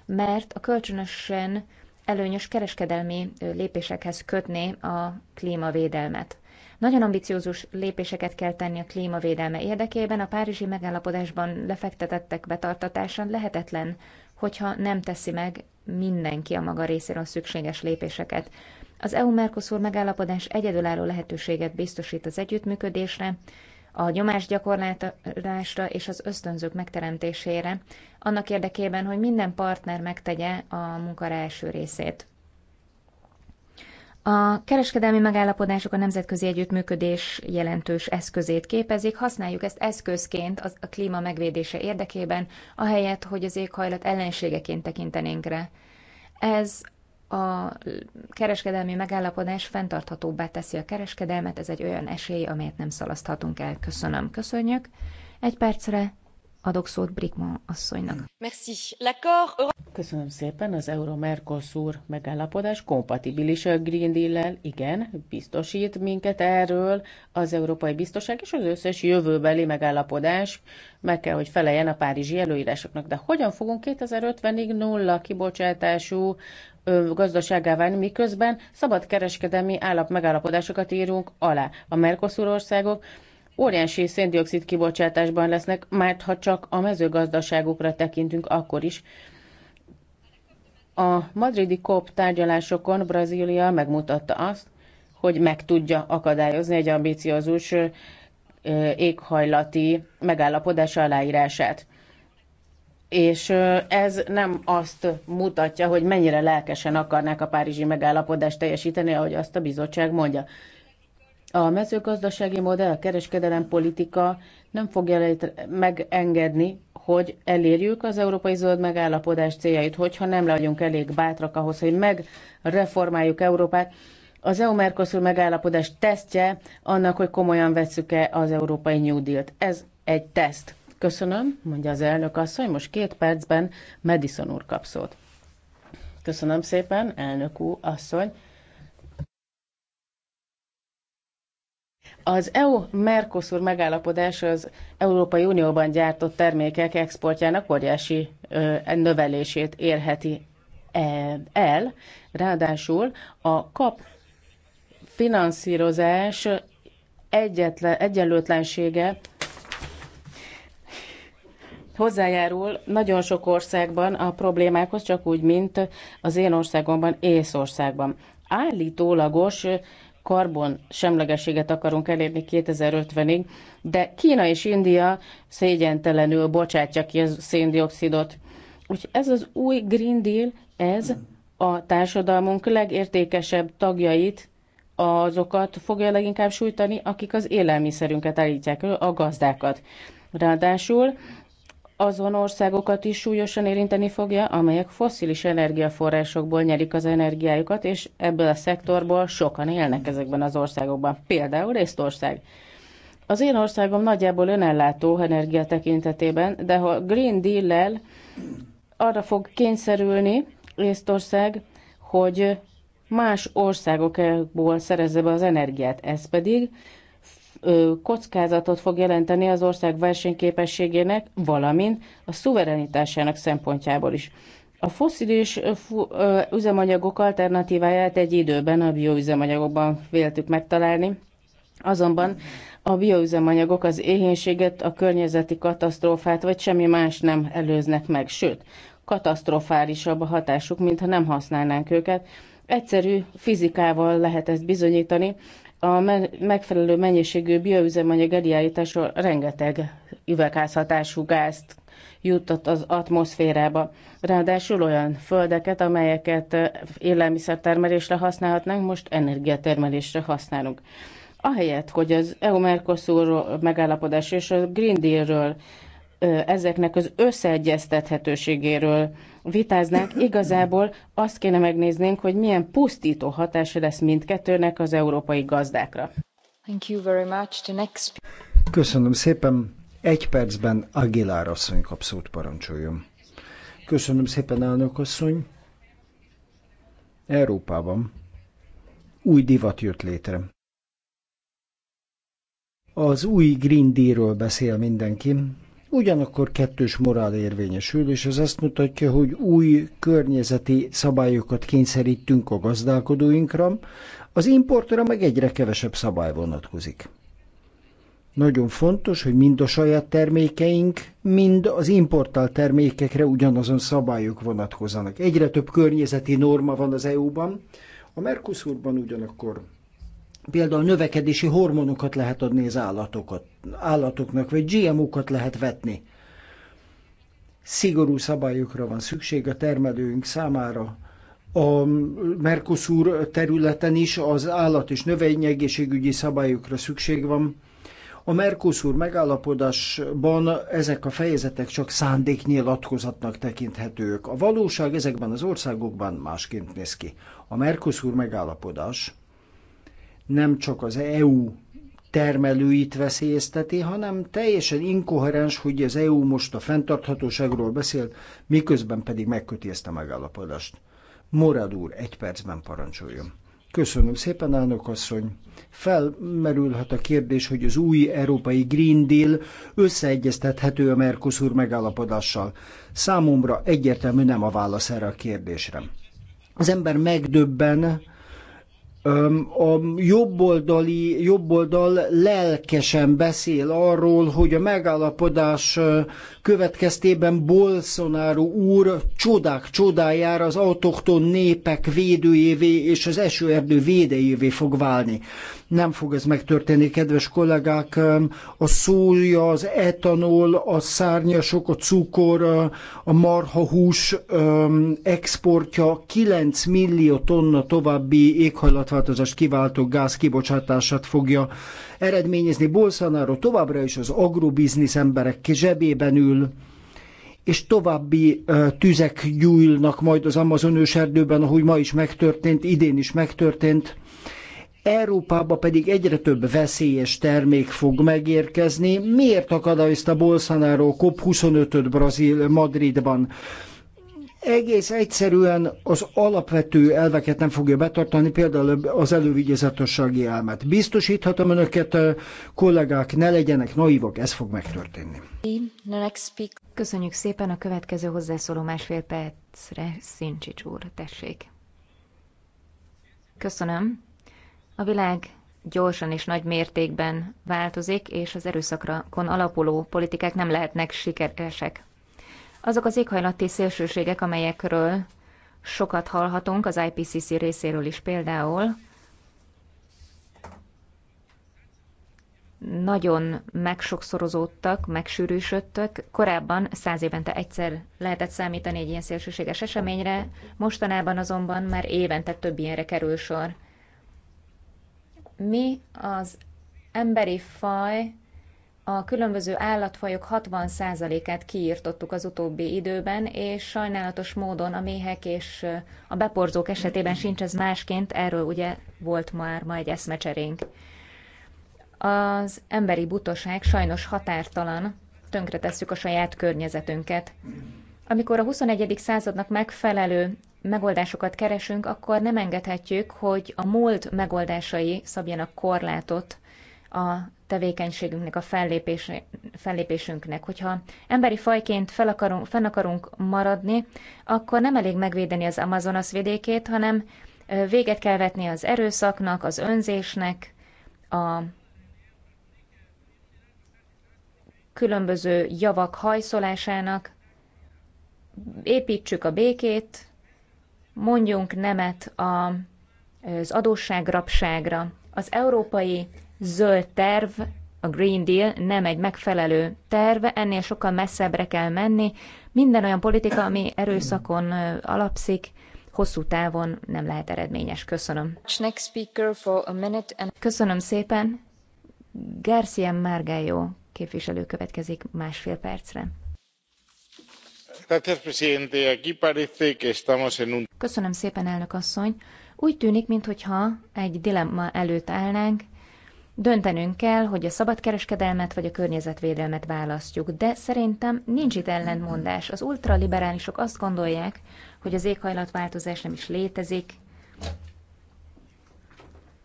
B: mert a kölcsönösen előnyös kereskedelmi lépésekhez kötné a klímavédelmet. Nagyon ambiciózus lépéseket kell tenni a klímavédelme érdekében, a párizsi megállapodásban lefektetettek betartatásán lehetetlen hogyha nem teszi meg mindenki a maga részéről szükséges lépéseket. Az EU-Mercosur megállapodás egyedülálló lehetőséget biztosít az együttműködésre, a gyakorlásra és az ösztönzők megteremtésére, annak érdekében, hogy minden partner megtegye a munka első részét. A kereskedelmi megállapodások a nemzetközi együttműködés jelentős eszközét képezik, használjuk ezt eszközként a klíma megvédése érdekében, ahelyett, hogy az éghajlat ellenségeként tekintenénk rá. Ez a kereskedelmi megállapodás fenntarthatóbbá teszi a kereskedelmet, ez egy olyan esély, amelyet nem szalaszthatunk el. Köszönöm,
C: köszönjük. Egy percre Adok szót Brickman asszonynak. Köszönöm szépen, az Euro-Mercosur megállapodás kompatibilis a Green Deal-lel, igen, biztosít minket erről az Európai Biztonság és az összes jövőbeli megállapodás meg kell, hogy feleljen a párizsi előírásoknak. De hogyan fogunk 2050-ig nulla kibocsátású gazdaságá válni, miközben szabadkereskedelmi állap megállapodásokat írunk alá. A Mercosur országok óriási széndiokszid kibocsátásban lesznek, mert ha csak a mezőgazdaságukra tekintünk, akkor is. A madridi COP tárgyalásokon Brazília megmutatta azt, hogy meg tudja akadályozni egy ambiciózus éghajlati megállapodás aláírását. És ez nem azt mutatja, hogy mennyire lelkesen akarnák a párizsi megállapodást teljesíteni, ahogy azt a bizottság mondja. A mezőgazdasági modell, a kereskedelem politika nem fogja megengedni, hogy elérjük az európai zöld megállapodás céljait, hogyha nem legyünk elég bátrak ahhoz, hogy megreformáljuk Európát. Az EU-Mercosur megállapodás tesztje annak, hogy komolyan vesszük-e az európai New Deal-t. Ez egy teszt. Köszönöm, mondja az elnök asszony, most két percben Madison úr kap szót. Köszönöm szépen, elnök úr asszony. Az EU-Mercosur megállapodás az Európai Unióban gyártott termékek exportjának óriási növelését érheti e, el. Ráadásul a kap finanszírozás egyetlen, egyenlőtlensége hozzájárul nagyon sok országban a problémákhoz, csak úgy, mint az én országomban, Észországban. Állítólagos karbon semlegességet akarunk elérni 2050-ig, de Kína és India szégyentelenül bocsátja ki a széndiokszidot. Úgyhogy ez az új Green Deal, ez a társadalmunk legértékesebb tagjait azokat fogja leginkább sújtani, akik az élelmiszerünket állítják elő, a gazdákat. Ráadásul azon országokat is súlyosan érinteni fogja, amelyek fosszilis energiaforrásokból nyerik az energiájukat, és ebből a szektorból sokan élnek ezekben az országokban, például Észtország. Az én országom nagyjából önellátó energia tekintetében, de ha Green Deal-lel arra fog kényszerülni Észtország, hogy más országokból szerezze be az energiát, ez pedig kockázatot fog jelenteni az ország versenyképességének, valamint a szuverenitásának szempontjából is. A foszilis üzemanyagok alternatíváját egy időben a bioüzemanyagokban véltük megtalálni, azonban a bioüzemanyagok az éhénységet, a környezeti katasztrófát vagy semmi más nem előznek meg, sőt, katasztrofálisabb a hatásuk, mintha nem használnánk őket. Egyszerű fizikával lehet ezt bizonyítani, a megfelelő mennyiségű bioüzemanyag eljárítása rengeteg üvegházhatású gázt juttat az atmoszférába. Ráadásul olyan földeket, amelyeket élelmiszertermelésre használhatnánk, most energiatermelésre használunk. Ahelyett, hogy az EU-Mercosur megállapodás és a Green Dealről, ezeknek az összeegyeztethetőségéről vitáznánk, igazából azt kéne megnéznénk, hogy milyen pusztító hatása lesz mindkettőnek az európai gazdákra.
A: Thank you very much. The next... Köszönöm szépen. Egy percben Aguilar asszony kap szót parancsoljon. Köszönöm szépen, elnök asszony. Európában új divat jött létre. Az új Green Deal-ről beszél mindenki, Ugyanakkor kettős morál érvényesül, és ez azt mutatja, hogy új környezeti szabályokat kényszerítünk a gazdálkodóinkra, az importra meg egyre kevesebb szabály vonatkozik. Nagyon fontos, hogy mind a saját termékeink, mind az importált termékekre ugyanazon szabályok vonatkozanak. Egyre több környezeti norma van az EU-ban, a Mercosurban ugyanakkor például növekedési hormonokat lehet adni az állatokat, állatoknak, vagy GMO-kat lehet vetni. Szigorú szabályokra van szükség a termelőink számára. A Mercosur területen is az állat és növényegészségügyi szabályokra szükség van. A Mercosur megállapodásban ezek a fejezetek csak szándéknyilatkozatnak tekinthetők. A valóság ezekben az országokban másként néz ki. A Mercosur megállapodás nem csak az EU termelőit veszélyezteti, hanem teljesen inkoherens, hogy az EU most a fenntarthatóságról beszél, miközben pedig megköti ezt a megállapodást. Morad úr, egy percben parancsoljon. Köszönöm szépen, elnök asszony. Felmerülhet a kérdés, hogy az új európai Green Deal összeegyeztethető a Mercosur megállapodással. Számomra egyértelmű nem a válasz erre a kérdésre. Az ember megdöbben, a jobboldali, jobboldal lelkesen beszél arról, hogy a megállapodás következtében Bolsonaro úr csodák csodájára az autokton népek védőjévé és az esőerdő védejévé fog válni. Nem fog ez megtörténni, kedves kollégák. A szója, az etanol, a szárnyasok, a cukor, a marhahús exportja 9 millió tonna további éghajlat éghajlatváltozást kiváltó gáz kibocsátását fogja eredményezni. Bolsonaro továbbra is az agrobiznisz emberek zsebében ül, és további tüzek gyújlnak majd az Amazon őserdőben, ahogy ma is megtörtént, idén is megtörtént. Európába pedig egyre több veszélyes termék fog megérkezni. Miért akadályozta Bolsonaro COP25-öt Brazil Madridban? egész egyszerűen az alapvető elveket nem fogja betartani, például az elővigyázatossági elmet. Biztosíthatom önöket, eh, kollégák, ne legyenek naivak, ez fog megtörténni.
B: Köszönjük szépen a következő hozzászóló másfél percre, Szincsics úr, tessék. Köszönöm. A világ gyorsan és nagy mértékben változik, és az erőszakra kon alapuló politikák nem lehetnek sikeresek azok az éghajlati szélsőségek, amelyekről sokat hallhatunk, az IPCC részéről is például, nagyon megsokszorozódtak, megsűrűsödtek. Korábban száz évente egyszer lehetett számítani egy ilyen szélsőséges eseményre, mostanában azonban már évente több ilyenre kerül sor. Mi az emberi faj a különböző állatfajok 60%-át kiirtottuk az utóbbi időben, és sajnálatos módon a méhek és a beporzók esetében sincs ez másként, erről ugye volt már ma egy eszmecserénk. Az emberi butaság sajnos határtalan, tönkretesszük a saját környezetünket. Amikor a 21. századnak megfelelő megoldásokat keresünk, akkor nem engedhetjük, hogy a múlt megoldásai szabjanak korlátot a tevékenységünknek, a fellépés, fellépésünknek. Hogyha emberi fajként fel akarunk, fenn akarunk maradni, akkor nem elég megvédeni az Amazonas vidékét, hanem véget kell vetni az erőszaknak, az önzésnek, a különböző javak hajszolásának, építsük a békét, mondjunk nemet az adósságrapságra. Az európai zöld terv, a Green Deal nem egy megfelelő terv, ennél sokkal messzebbre kell menni. Minden olyan politika, ami erőszakon alapszik, hosszú távon nem lehet eredményes. Köszönöm. Köszönöm szépen. García Margallo képviselő következik másfél percre. Köszönöm szépen, elnök asszony. Úgy tűnik, mintha egy dilemma előtt állnánk, Döntenünk kell, hogy a szabadkereskedelmet vagy a környezetvédelmet választjuk, de szerintem nincs itt ellentmondás. Az ultraliberálisok azt gondolják, hogy az éghajlatváltozás nem is létezik,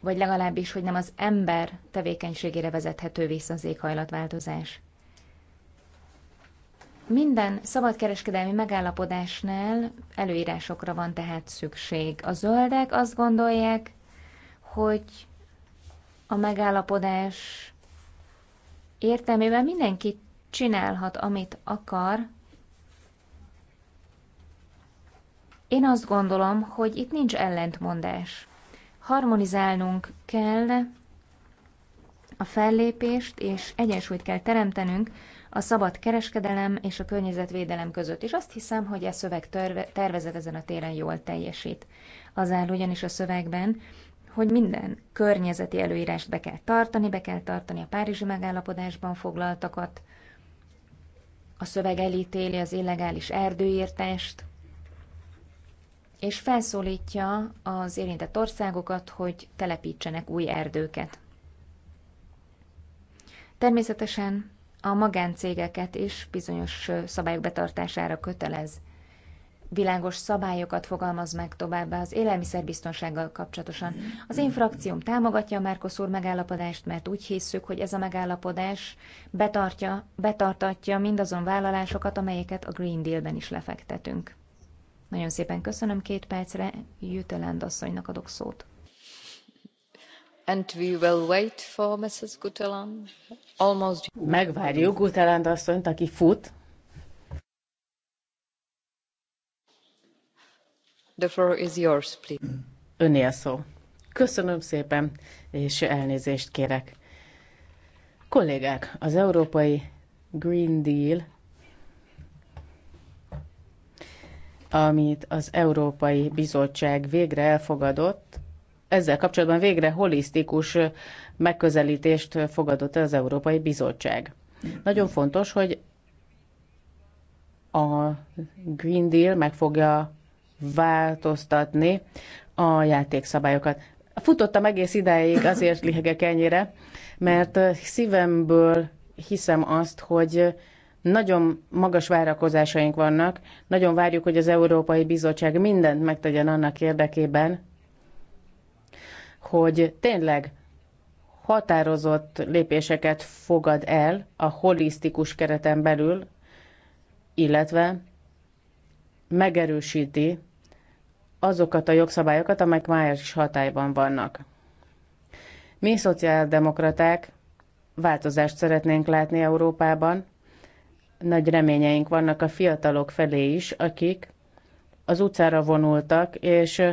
B: vagy legalábbis, hogy nem az ember tevékenységére vezethető vissza az éghajlatváltozás. Minden szabadkereskedelmi megállapodásnál előírásokra van tehát szükség. A zöldek azt gondolják, hogy a megállapodás értelmében mindenki csinálhat, amit akar. Én azt gondolom, hogy itt nincs ellentmondás. Harmonizálnunk kell a fellépést, és egyensúlyt kell teremtenünk a szabad kereskedelem és a környezetvédelem között, és azt hiszem, hogy a e szöveg tervezet ezen a téren jól teljesít. Az áll ugyanis a szövegben, hogy minden környezeti előírást be kell tartani, be kell tartani a Párizsi megállapodásban foglaltakat, a szöveg elítéli az illegális erdőírtást, és felszólítja az érintett országokat, hogy telepítsenek új erdőket. Természetesen a magáncégeket is bizonyos szabályok betartására kötelez világos szabályokat fogalmaz meg továbbá az élelmiszerbiztonsággal kapcsolatosan. Az én frakcióm támogatja a Mercosur megállapodást, mert úgy hisszük, hogy ez a megállapodás betartja, betartatja mindazon vállalásokat, amelyeket a Green Deal-ben is lefektetünk. Nagyon szépen köszönöm két percre, Jüteland asszonynak adok szót. And we will wait for Mrs. Guteland.
C: Almost... Megvárjuk Guteland asszonyt, aki fut. The floor is yours, please. Öné a szó. Köszönöm szépen, és elnézést kérek. Kollégák, az európai Green Deal, amit az Európai Bizottság végre elfogadott, ezzel kapcsolatban végre holisztikus megközelítést fogadott el az Európai Bizottság. Nagyon fontos, hogy a Green Deal meg fogja változtatni a játékszabályokat. Futottam egész ideig, azért lihegek ennyire, mert szívemből hiszem azt, hogy nagyon magas várakozásaink vannak, nagyon várjuk, hogy az Európai Bizottság mindent megtegyen annak érdekében, hogy tényleg határozott lépéseket fogad el a holisztikus kereten belül, illetve megerősíti azokat a jogszabályokat, amelyek már is hatályban vannak. Mi szociáldemokraták változást szeretnénk látni Európában. Nagy reményeink vannak a fiatalok felé is, akik az utcára vonultak, és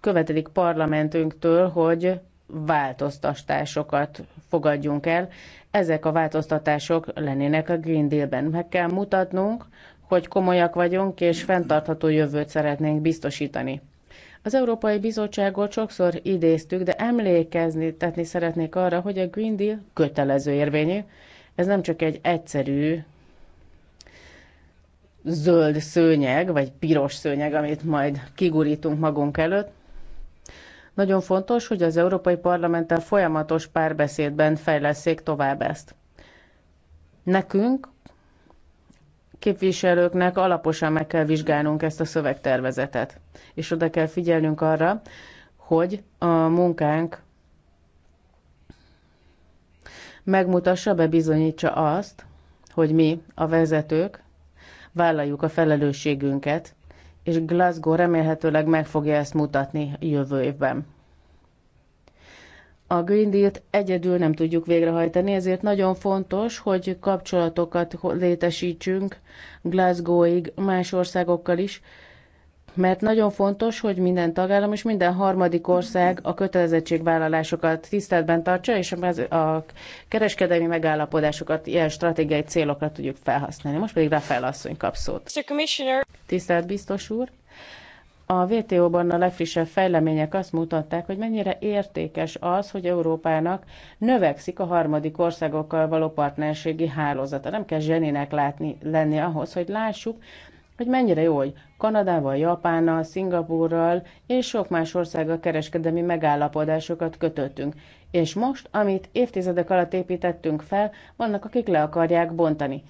C: követelik parlamentünktől, hogy változtatásokat fogadjunk el. Ezek a változtatások lennének a Green Deal-ben. Meg kell mutatnunk, hogy komolyak vagyunk és fenntartható jövőt szeretnénk biztosítani. Az Európai Bizottságot sokszor idéztük, de emlékezni tetni szeretnék arra, hogy a Green Deal kötelező érvényű. Ez nem csak egy egyszerű zöld szőnyeg, vagy piros szőnyeg, amit majd kigurítunk magunk előtt. Nagyon fontos, hogy az Európai Parlamenttel folyamatos párbeszédben fejleszék tovább ezt. Nekünk képviselőknek alaposan meg kell vizsgálnunk ezt a szövegtervezetet, és oda kell figyelnünk arra, hogy a munkánk megmutassa, bebizonyítsa azt, hogy mi, a vezetők, vállaljuk a felelősségünket, és Glasgow remélhetőleg meg fogja ezt mutatni jövő évben a Green Deal-t egyedül nem tudjuk végrehajtani, ezért nagyon fontos, hogy kapcsolatokat létesítsünk Glasgow-ig más országokkal is, mert nagyon fontos, hogy minden tagállam és minden harmadik ország a kötelezettségvállalásokat tiszteletben tartsa, és a kereskedelmi megállapodásokat ilyen stratégiai célokra tudjuk felhasználni. Most pedig Rafael asszony kap szót. Tisztelt biztos úr! A WTO-ban a legfrissebb fejlemények azt mutatták, hogy mennyire értékes az, hogy Európának növekszik a harmadik országokkal való partnerségi hálózata. Nem kell zseninek látni, lenni ahhoz, hogy lássuk, hogy mennyire jó, hogy Kanadával, Japánnal, Szingapúrral és sok más országgal kereskedelmi megállapodásokat kötöttünk. És most, amit évtizedek alatt építettünk fel, vannak, akik le akarják bontani.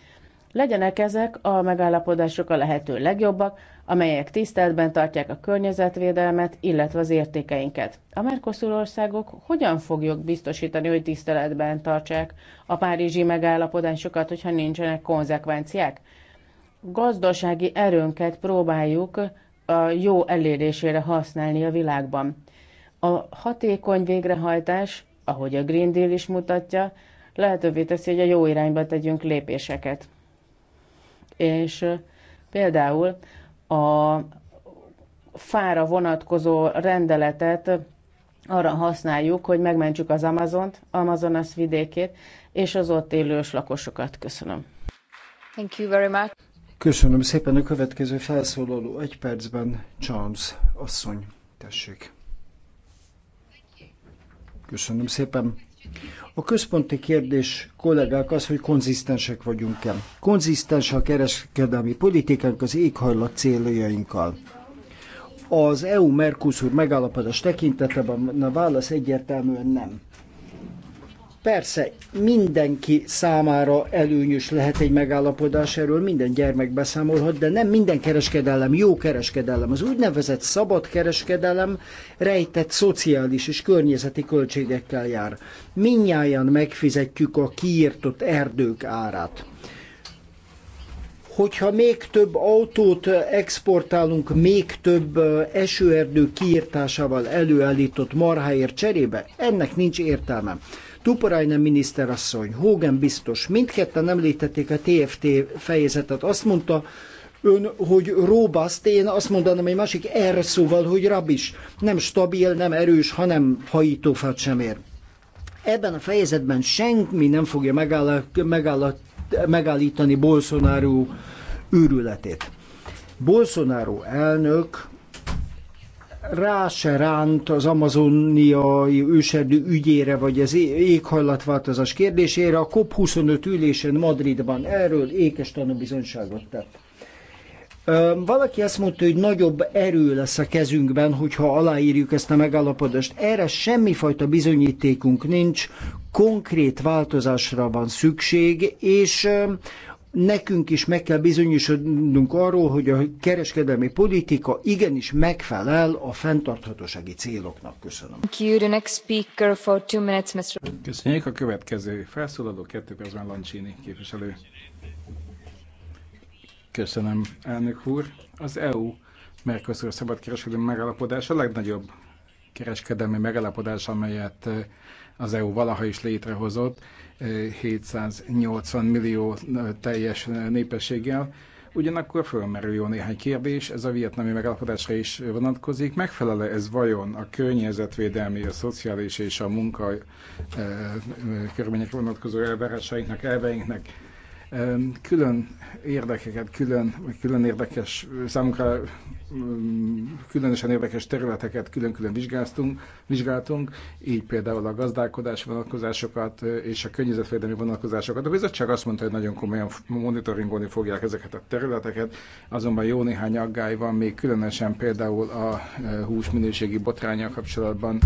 C: Legyenek ezek a megállapodások a lehető legjobbak, amelyek tiszteletben tartják a környezetvédelmet, illetve az értékeinket. A Mercosur országok hogyan fogjuk biztosítani, hogy tiszteletben tartsák a párizsi megállapodásokat, hogyha nincsenek konzekvenciák? Gazdasági erőnket próbáljuk a jó elérésére használni a világban. A hatékony végrehajtás, ahogy a Green Deal is mutatja, lehetővé teszi, hogy a jó irányba tegyünk lépéseket és például a fára vonatkozó rendeletet arra használjuk, hogy megmentsük az Amazont, Amazonas vidékét, és az ott élő
A: lakosokat.
C: Köszönöm.
B: Thank you very much.
A: Köszönöm szépen a következő felszólaló egy percben, Charles asszony, tessék. Köszönöm szépen. A központi kérdés, kollégák, az, hogy konzisztensek vagyunk-e. Konzisztens a kereskedelmi politikánk az éghajlat céljainkkal. Az EU-Mercosur megállapodás tekintetében a válasz egyértelműen nem. Persze, mindenki számára előnyös lehet egy megállapodás, erről minden gyermek beszámolhat, de nem minden kereskedelem jó kereskedelem. Az úgynevezett szabad kereskedelem rejtett szociális és környezeti költségekkel jár. Minnyáján megfizetjük a kiírtott erdők árát hogyha még több autót exportálunk, még több esőerdő kiirtásával előállított marháért cserébe, ennek nincs értelme. Tuporajnen miniszterasszony, Hogan biztos, mindketten említették a TFT fejezetet. Azt mondta, ön, hogy robust, én azt mondanám egy másik R szóval, hogy rabis. Nem stabil, nem erős, hanem hajítófát sem ér. Ebben a fejezetben senki nem fogja megáll, megáll, megállítani Bolsonaro őrületét. Bolsonaro elnök rá se ránt az amazoniai őserdő ügyére, vagy az éghajlatváltozás kérdésére, a COP25 ülésen Madridban erről ékes tanúbizonyságot tett. Valaki azt mondta, hogy nagyobb erő lesz a kezünkben, hogyha aláírjuk ezt a megállapodást. Erre semmifajta bizonyítékunk nincs, konkrét változásra van szükség, és nekünk is meg kell bizonyosodnunk arról, hogy a kereskedelmi politika igenis megfelel a fenntarthatósági céloknak. Köszönöm. Köszönjük a következő felszólaló, kettő percben Lancsini
D: képviselő. Köszönöm, elnök úr. Az EU Mercosur szabadkereskedelmi megállapodás a legnagyobb kereskedelmi megállapodás, amelyet az EU valaha is létrehozott 780 millió teljes népességgel. Ugyanakkor fölmerül jó néhány kérdés, ez a vietnami megállapodásra is vonatkozik. Megfelele ez vajon a környezetvédelmi, a szociális és a munka e, körülmények vonatkozó elvárásainknak, elveinknek? külön érdekeket, külön, külön érdekes, számunkra különösen érdekes területeket külön-külön vizsgáltunk, vizsgáltunk, így például a gazdálkodási vonatkozásokat és a környezetvédelmi vonatkozásokat. A bizottság azt mondta, hogy nagyon komolyan monitoringolni fogják ezeket a területeket, azonban jó néhány aggály van, még különösen például a hús minőségi botránya kapcsolatban,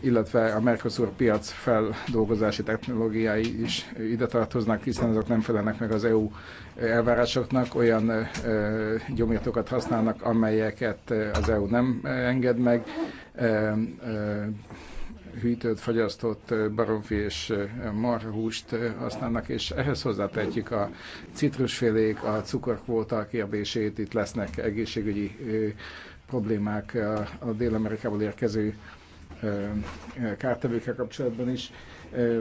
D: illetve a Mercosur piac feldolgozási technológiái is ide tartoznak, hiszen azok nem felelnek meg az EU elvárásoknak, olyan eh, gyomírtókat használnak, amelyeket eh, az EU nem eh, enged meg, hűtőt, fagyasztott baromfi és marhúst használnak, és ehhez hozzátehetjük a citrusfélék, a cukorkvóta kérdését, itt lesznek egészségügyi problémák a Dél-Amerikából érkező kártevőkkel kapcsolatban is,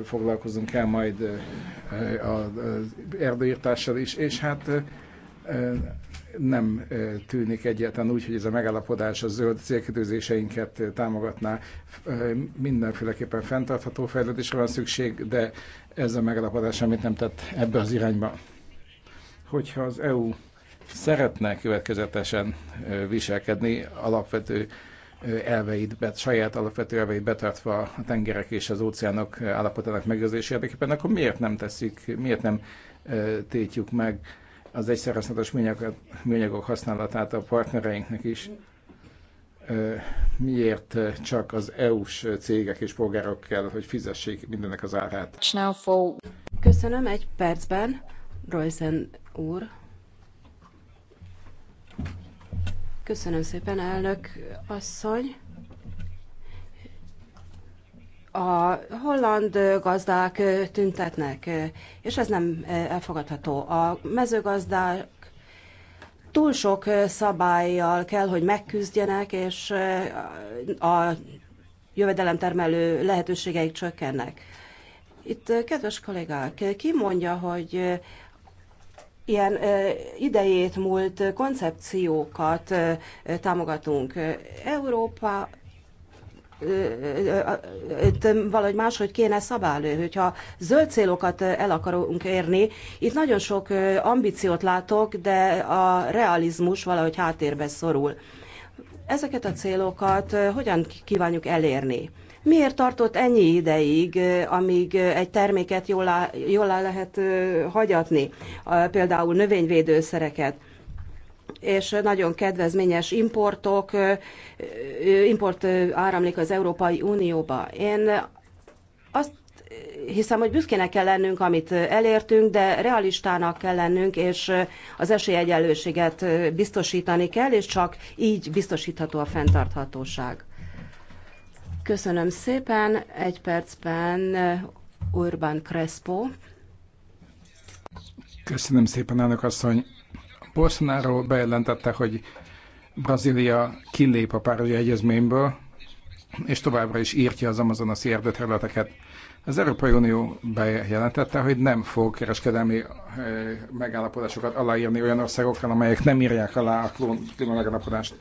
D: foglalkozunk el majd az erdőírtással is, és hát nem tűnik egyáltalán úgy, hogy ez a megállapodás a zöld célkitűzéseinket támogatná. Mindenféleképpen fenntartható fejlődésre van szükség, de ez a megállapodás, amit nem tett ebbe az irányba. Hogyha az EU szeretne következetesen viselkedni alapvető elveit, bet, saját alapvető elveit betartva a tengerek és az óceánok állapotának megőrzése érdekében, akkor miért nem teszik, miért nem tétjük meg az egyszerhasználatos műanyagok, műanyagok használatát a partnereinknek is? Miért csak az EU-s cégek és polgárok kell, hogy fizessék mindennek az árát?
E: Köszönöm egy percben, Royzen úr. Köszönöm szépen, elnök asszony. A holland gazdák tüntetnek, és ez nem elfogadható. A mezőgazdák túl sok szabályjal kell, hogy megküzdjenek, és a jövedelemtermelő lehetőségeik csökkennek. Itt, kedves kollégák, ki mondja, hogy ilyen idejét múlt koncepciókat támogatunk. Európa valahogy máshogy kéne szabálni, hogyha zöld célokat el akarunk érni. Itt nagyon sok ambíciót látok, de a realizmus valahogy háttérbe szorul. Ezeket a célokat hogyan kívánjuk elérni? Miért tartott ennyi ideig, amíg egy terméket jól, á, jól á lehet hagyatni, például növényvédőszereket? és nagyon kedvezményes importok, import áramlik az Európai Unióba. Én azt hiszem, hogy büszkének kell lennünk, amit elértünk, de realistának kell lennünk, és az esélyegyenlőséget biztosítani kell, és csak így biztosítható a fenntarthatóság. Köszönöm szépen. Egy percben eh, Urban Crespo.
D: Köszönöm szépen, elnök asszony. Bolsonaro bejelentette, hogy Brazília kilép a Párizsi Egyezményből, és továbbra is írtja az amazonasi erdőterületeket. Az Európai Unió bejelentette, hogy nem fog kereskedelmi eh, megállapodásokat aláírni olyan országokkal, amelyek nem írják alá a klímamegállapodást.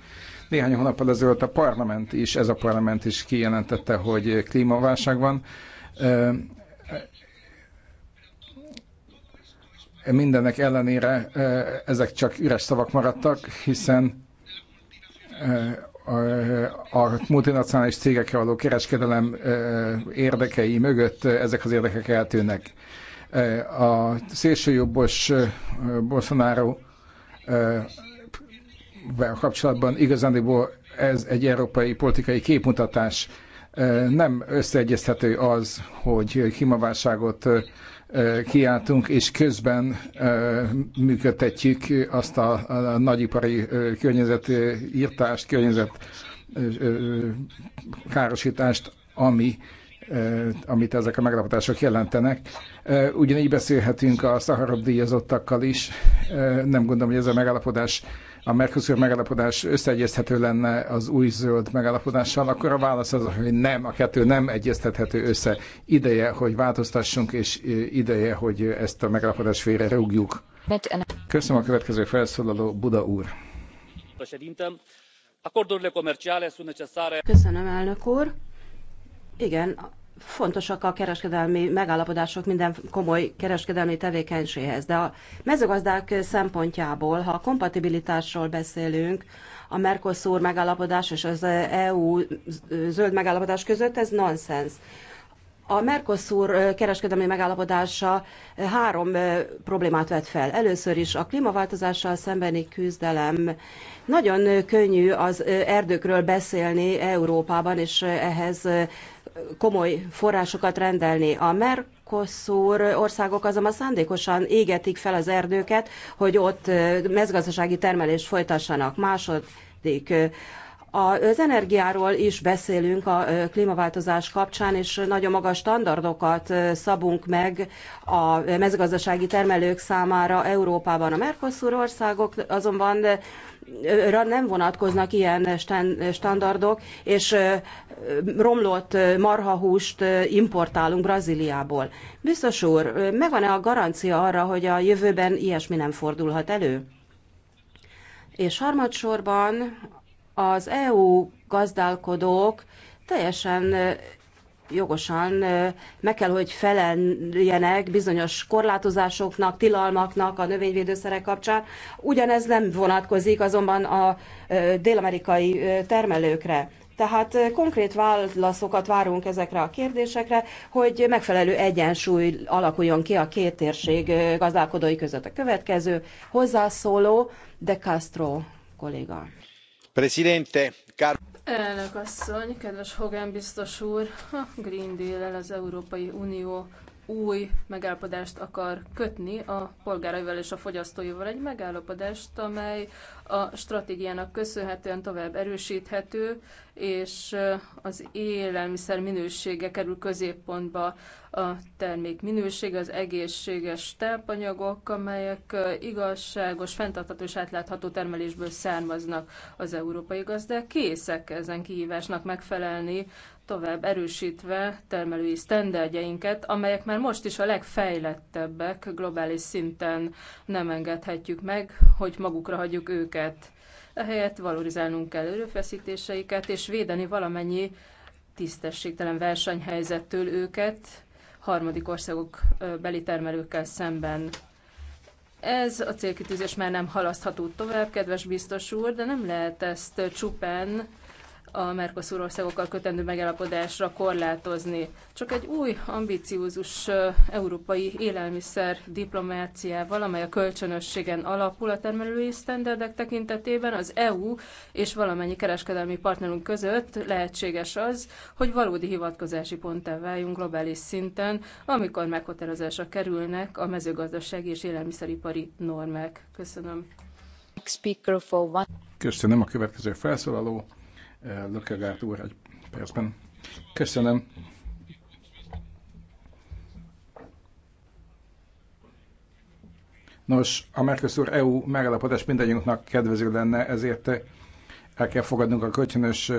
D: Néhány hónap ezelőtt a parlament is, ez a parlament is kijelentette, hogy klímaválság van. Eh, mindenek ellenére eh, ezek csak üres szavak maradtak, hiszen a multinacionális cégekkel való kereskedelem e, érdekei mögött e, ezek az érdekek eltűnnek. E, a szélsőjobbos Bolsonaro kapcsolatban igazándiból ez egy európai politikai képmutatás. Nem összeegyezhető az, hogy klímaválságot kiáltunk, és közben működtetjük azt a, nagyipari nagyipari környezetírtást, környezet károsítást, ami amit ezek a meglepetások jelentenek. Ugyanígy beszélhetünk a Szaharab díjazottakkal is. Nem gondolom, hogy ez a megállapodás a Mercosur megállapodás összeegyezhető lenne az új zöld megállapodással, akkor a válasz az, hogy nem, a kettő nem egyeztethető össze. Ideje, hogy változtassunk, és ideje, hogy ezt a megállapodást félre rúgjuk. Köszönöm a következő felszólaló, Buda úr.
E: Köszönöm, elnök úr. Igen, fontosak a kereskedelmi megállapodások minden komoly kereskedelmi tevékenységhez, de a mezőgazdák szempontjából, ha a kompatibilitásról beszélünk, a Mercosur megállapodás és az EU zöld megállapodás között, ez nonsens. A Mercosur kereskedelmi megállapodása három problémát vet fel. Először is a klímaváltozással szembeni küzdelem. Nagyon könnyű az erdőkről beszélni Európában, és ehhez komoly forrásokat rendelni. A Mercosur országok azonban szándékosan égetik fel az erdőket, hogy ott mezgazdasági termelést folytassanak. második. Az energiáról is beszélünk a klímaváltozás kapcsán, és nagyon magas standardokat szabunk meg a mezőgazdasági termelők számára Európában. A Mercosur országok azonban nem vonatkoznak ilyen standardok, és romlott marhahúst importálunk Brazíliából. Biztos úr, megvan-e a garancia arra, hogy a jövőben ilyesmi nem fordulhat elő? És harmadsorban az EU gazdálkodók teljesen jogosan meg kell, hogy feleljenek bizonyos korlátozásoknak, tilalmaknak a növényvédőszerek kapcsán. Ugyanez nem vonatkozik azonban a dél-amerikai termelőkre. Tehát konkrét válaszokat várunk ezekre a kérdésekre, hogy megfelelő egyensúly alakuljon ki a két térség gazdálkodói között. A következő hozzászóló De Castro kolléga
F: elnök asszony kedves hogan biztos úr! a green deal lel az európai unió új megállapodást akar kötni a polgáraival és a fogyasztóival egy megállapodást amely a stratégiának köszönhetően tovább erősíthető és az élelmiszer minősége kerül középpontba a termék minősége, az egészséges tápanyagok, amelyek igazságos, fenntartható és átlátható termelésből származnak az európai gazdák, készek ezen kihívásnak megfelelni, tovább erősítve termelői sztenderdjeinket, amelyek már most is a legfejlettebbek globális szinten nem engedhetjük meg, hogy magukra hagyjuk őket. Ehelyett valorizálnunk kell erőfeszítéseiket, és védeni valamennyi tisztességtelen versenyhelyzettől őket, harmadik országok beli termelőkkel szemben. Ez a célkitűzés már nem halasztható tovább, kedves biztos úr, de nem lehet ezt csupán a Mercosur országokkal kötendő megállapodásra korlátozni. Csak egy új, ambiciózus európai élelmiszer diplomáciával, amely a kölcsönösségen alapul a termelői sztenderdek tekintetében, az EU és valamennyi kereskedelmi partnerünk között lehetséges az, hogy valódi hivatkozási ponttá váljunk globális szinten, amikor meghatározásra kerülnek a mezőgazdasági és élelmiszeripari normák. Köszönöm.
D: Köszönöm a következő felszólaló. Lökegárt úr egy percben. Köszönöm. Nos, a Mercosur EU megállapodás mindannyiunknak kedvező lenne, ezért el kell fogadnunk a kölcsönös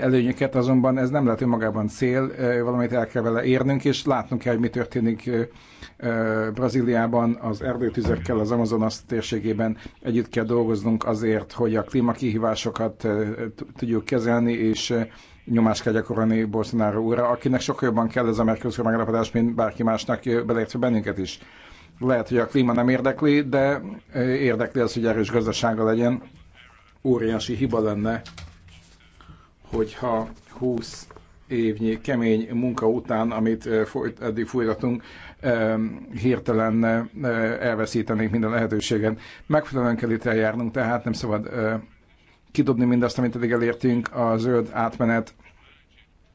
D: előnyöket, azonban ez nem lehet önmagában cél, valamit el kell vele érnünk, és látnunk kell, hogy mi történik Brazíliában, az erdőtüzekkel, az Amazonas térségében. Együtt kell dolgoznunk azért, hogy a klímakihívásokat tudjuk kezelni, és nyomást kell gyakorolni Bolsonaro úrra, akinek sokkal jobban kell ez a Mercosur megállapodás, mint bárki másnak, beleértve bennünket is. Lehet, hogy a klíma nem érdekli, de érdekli az, hogy erős gazdasága legyen. Óriási hiba lenne hogyha 20 évnyi kemény munka után, amit folyt, eddig folytatunk, hirtelen elveszítenénk minden lehetőségen. Megfelelően kell itt eljárnunk, tehát nem szabad kidobni mindazt, amit eddig elértünk. A zöld átmenet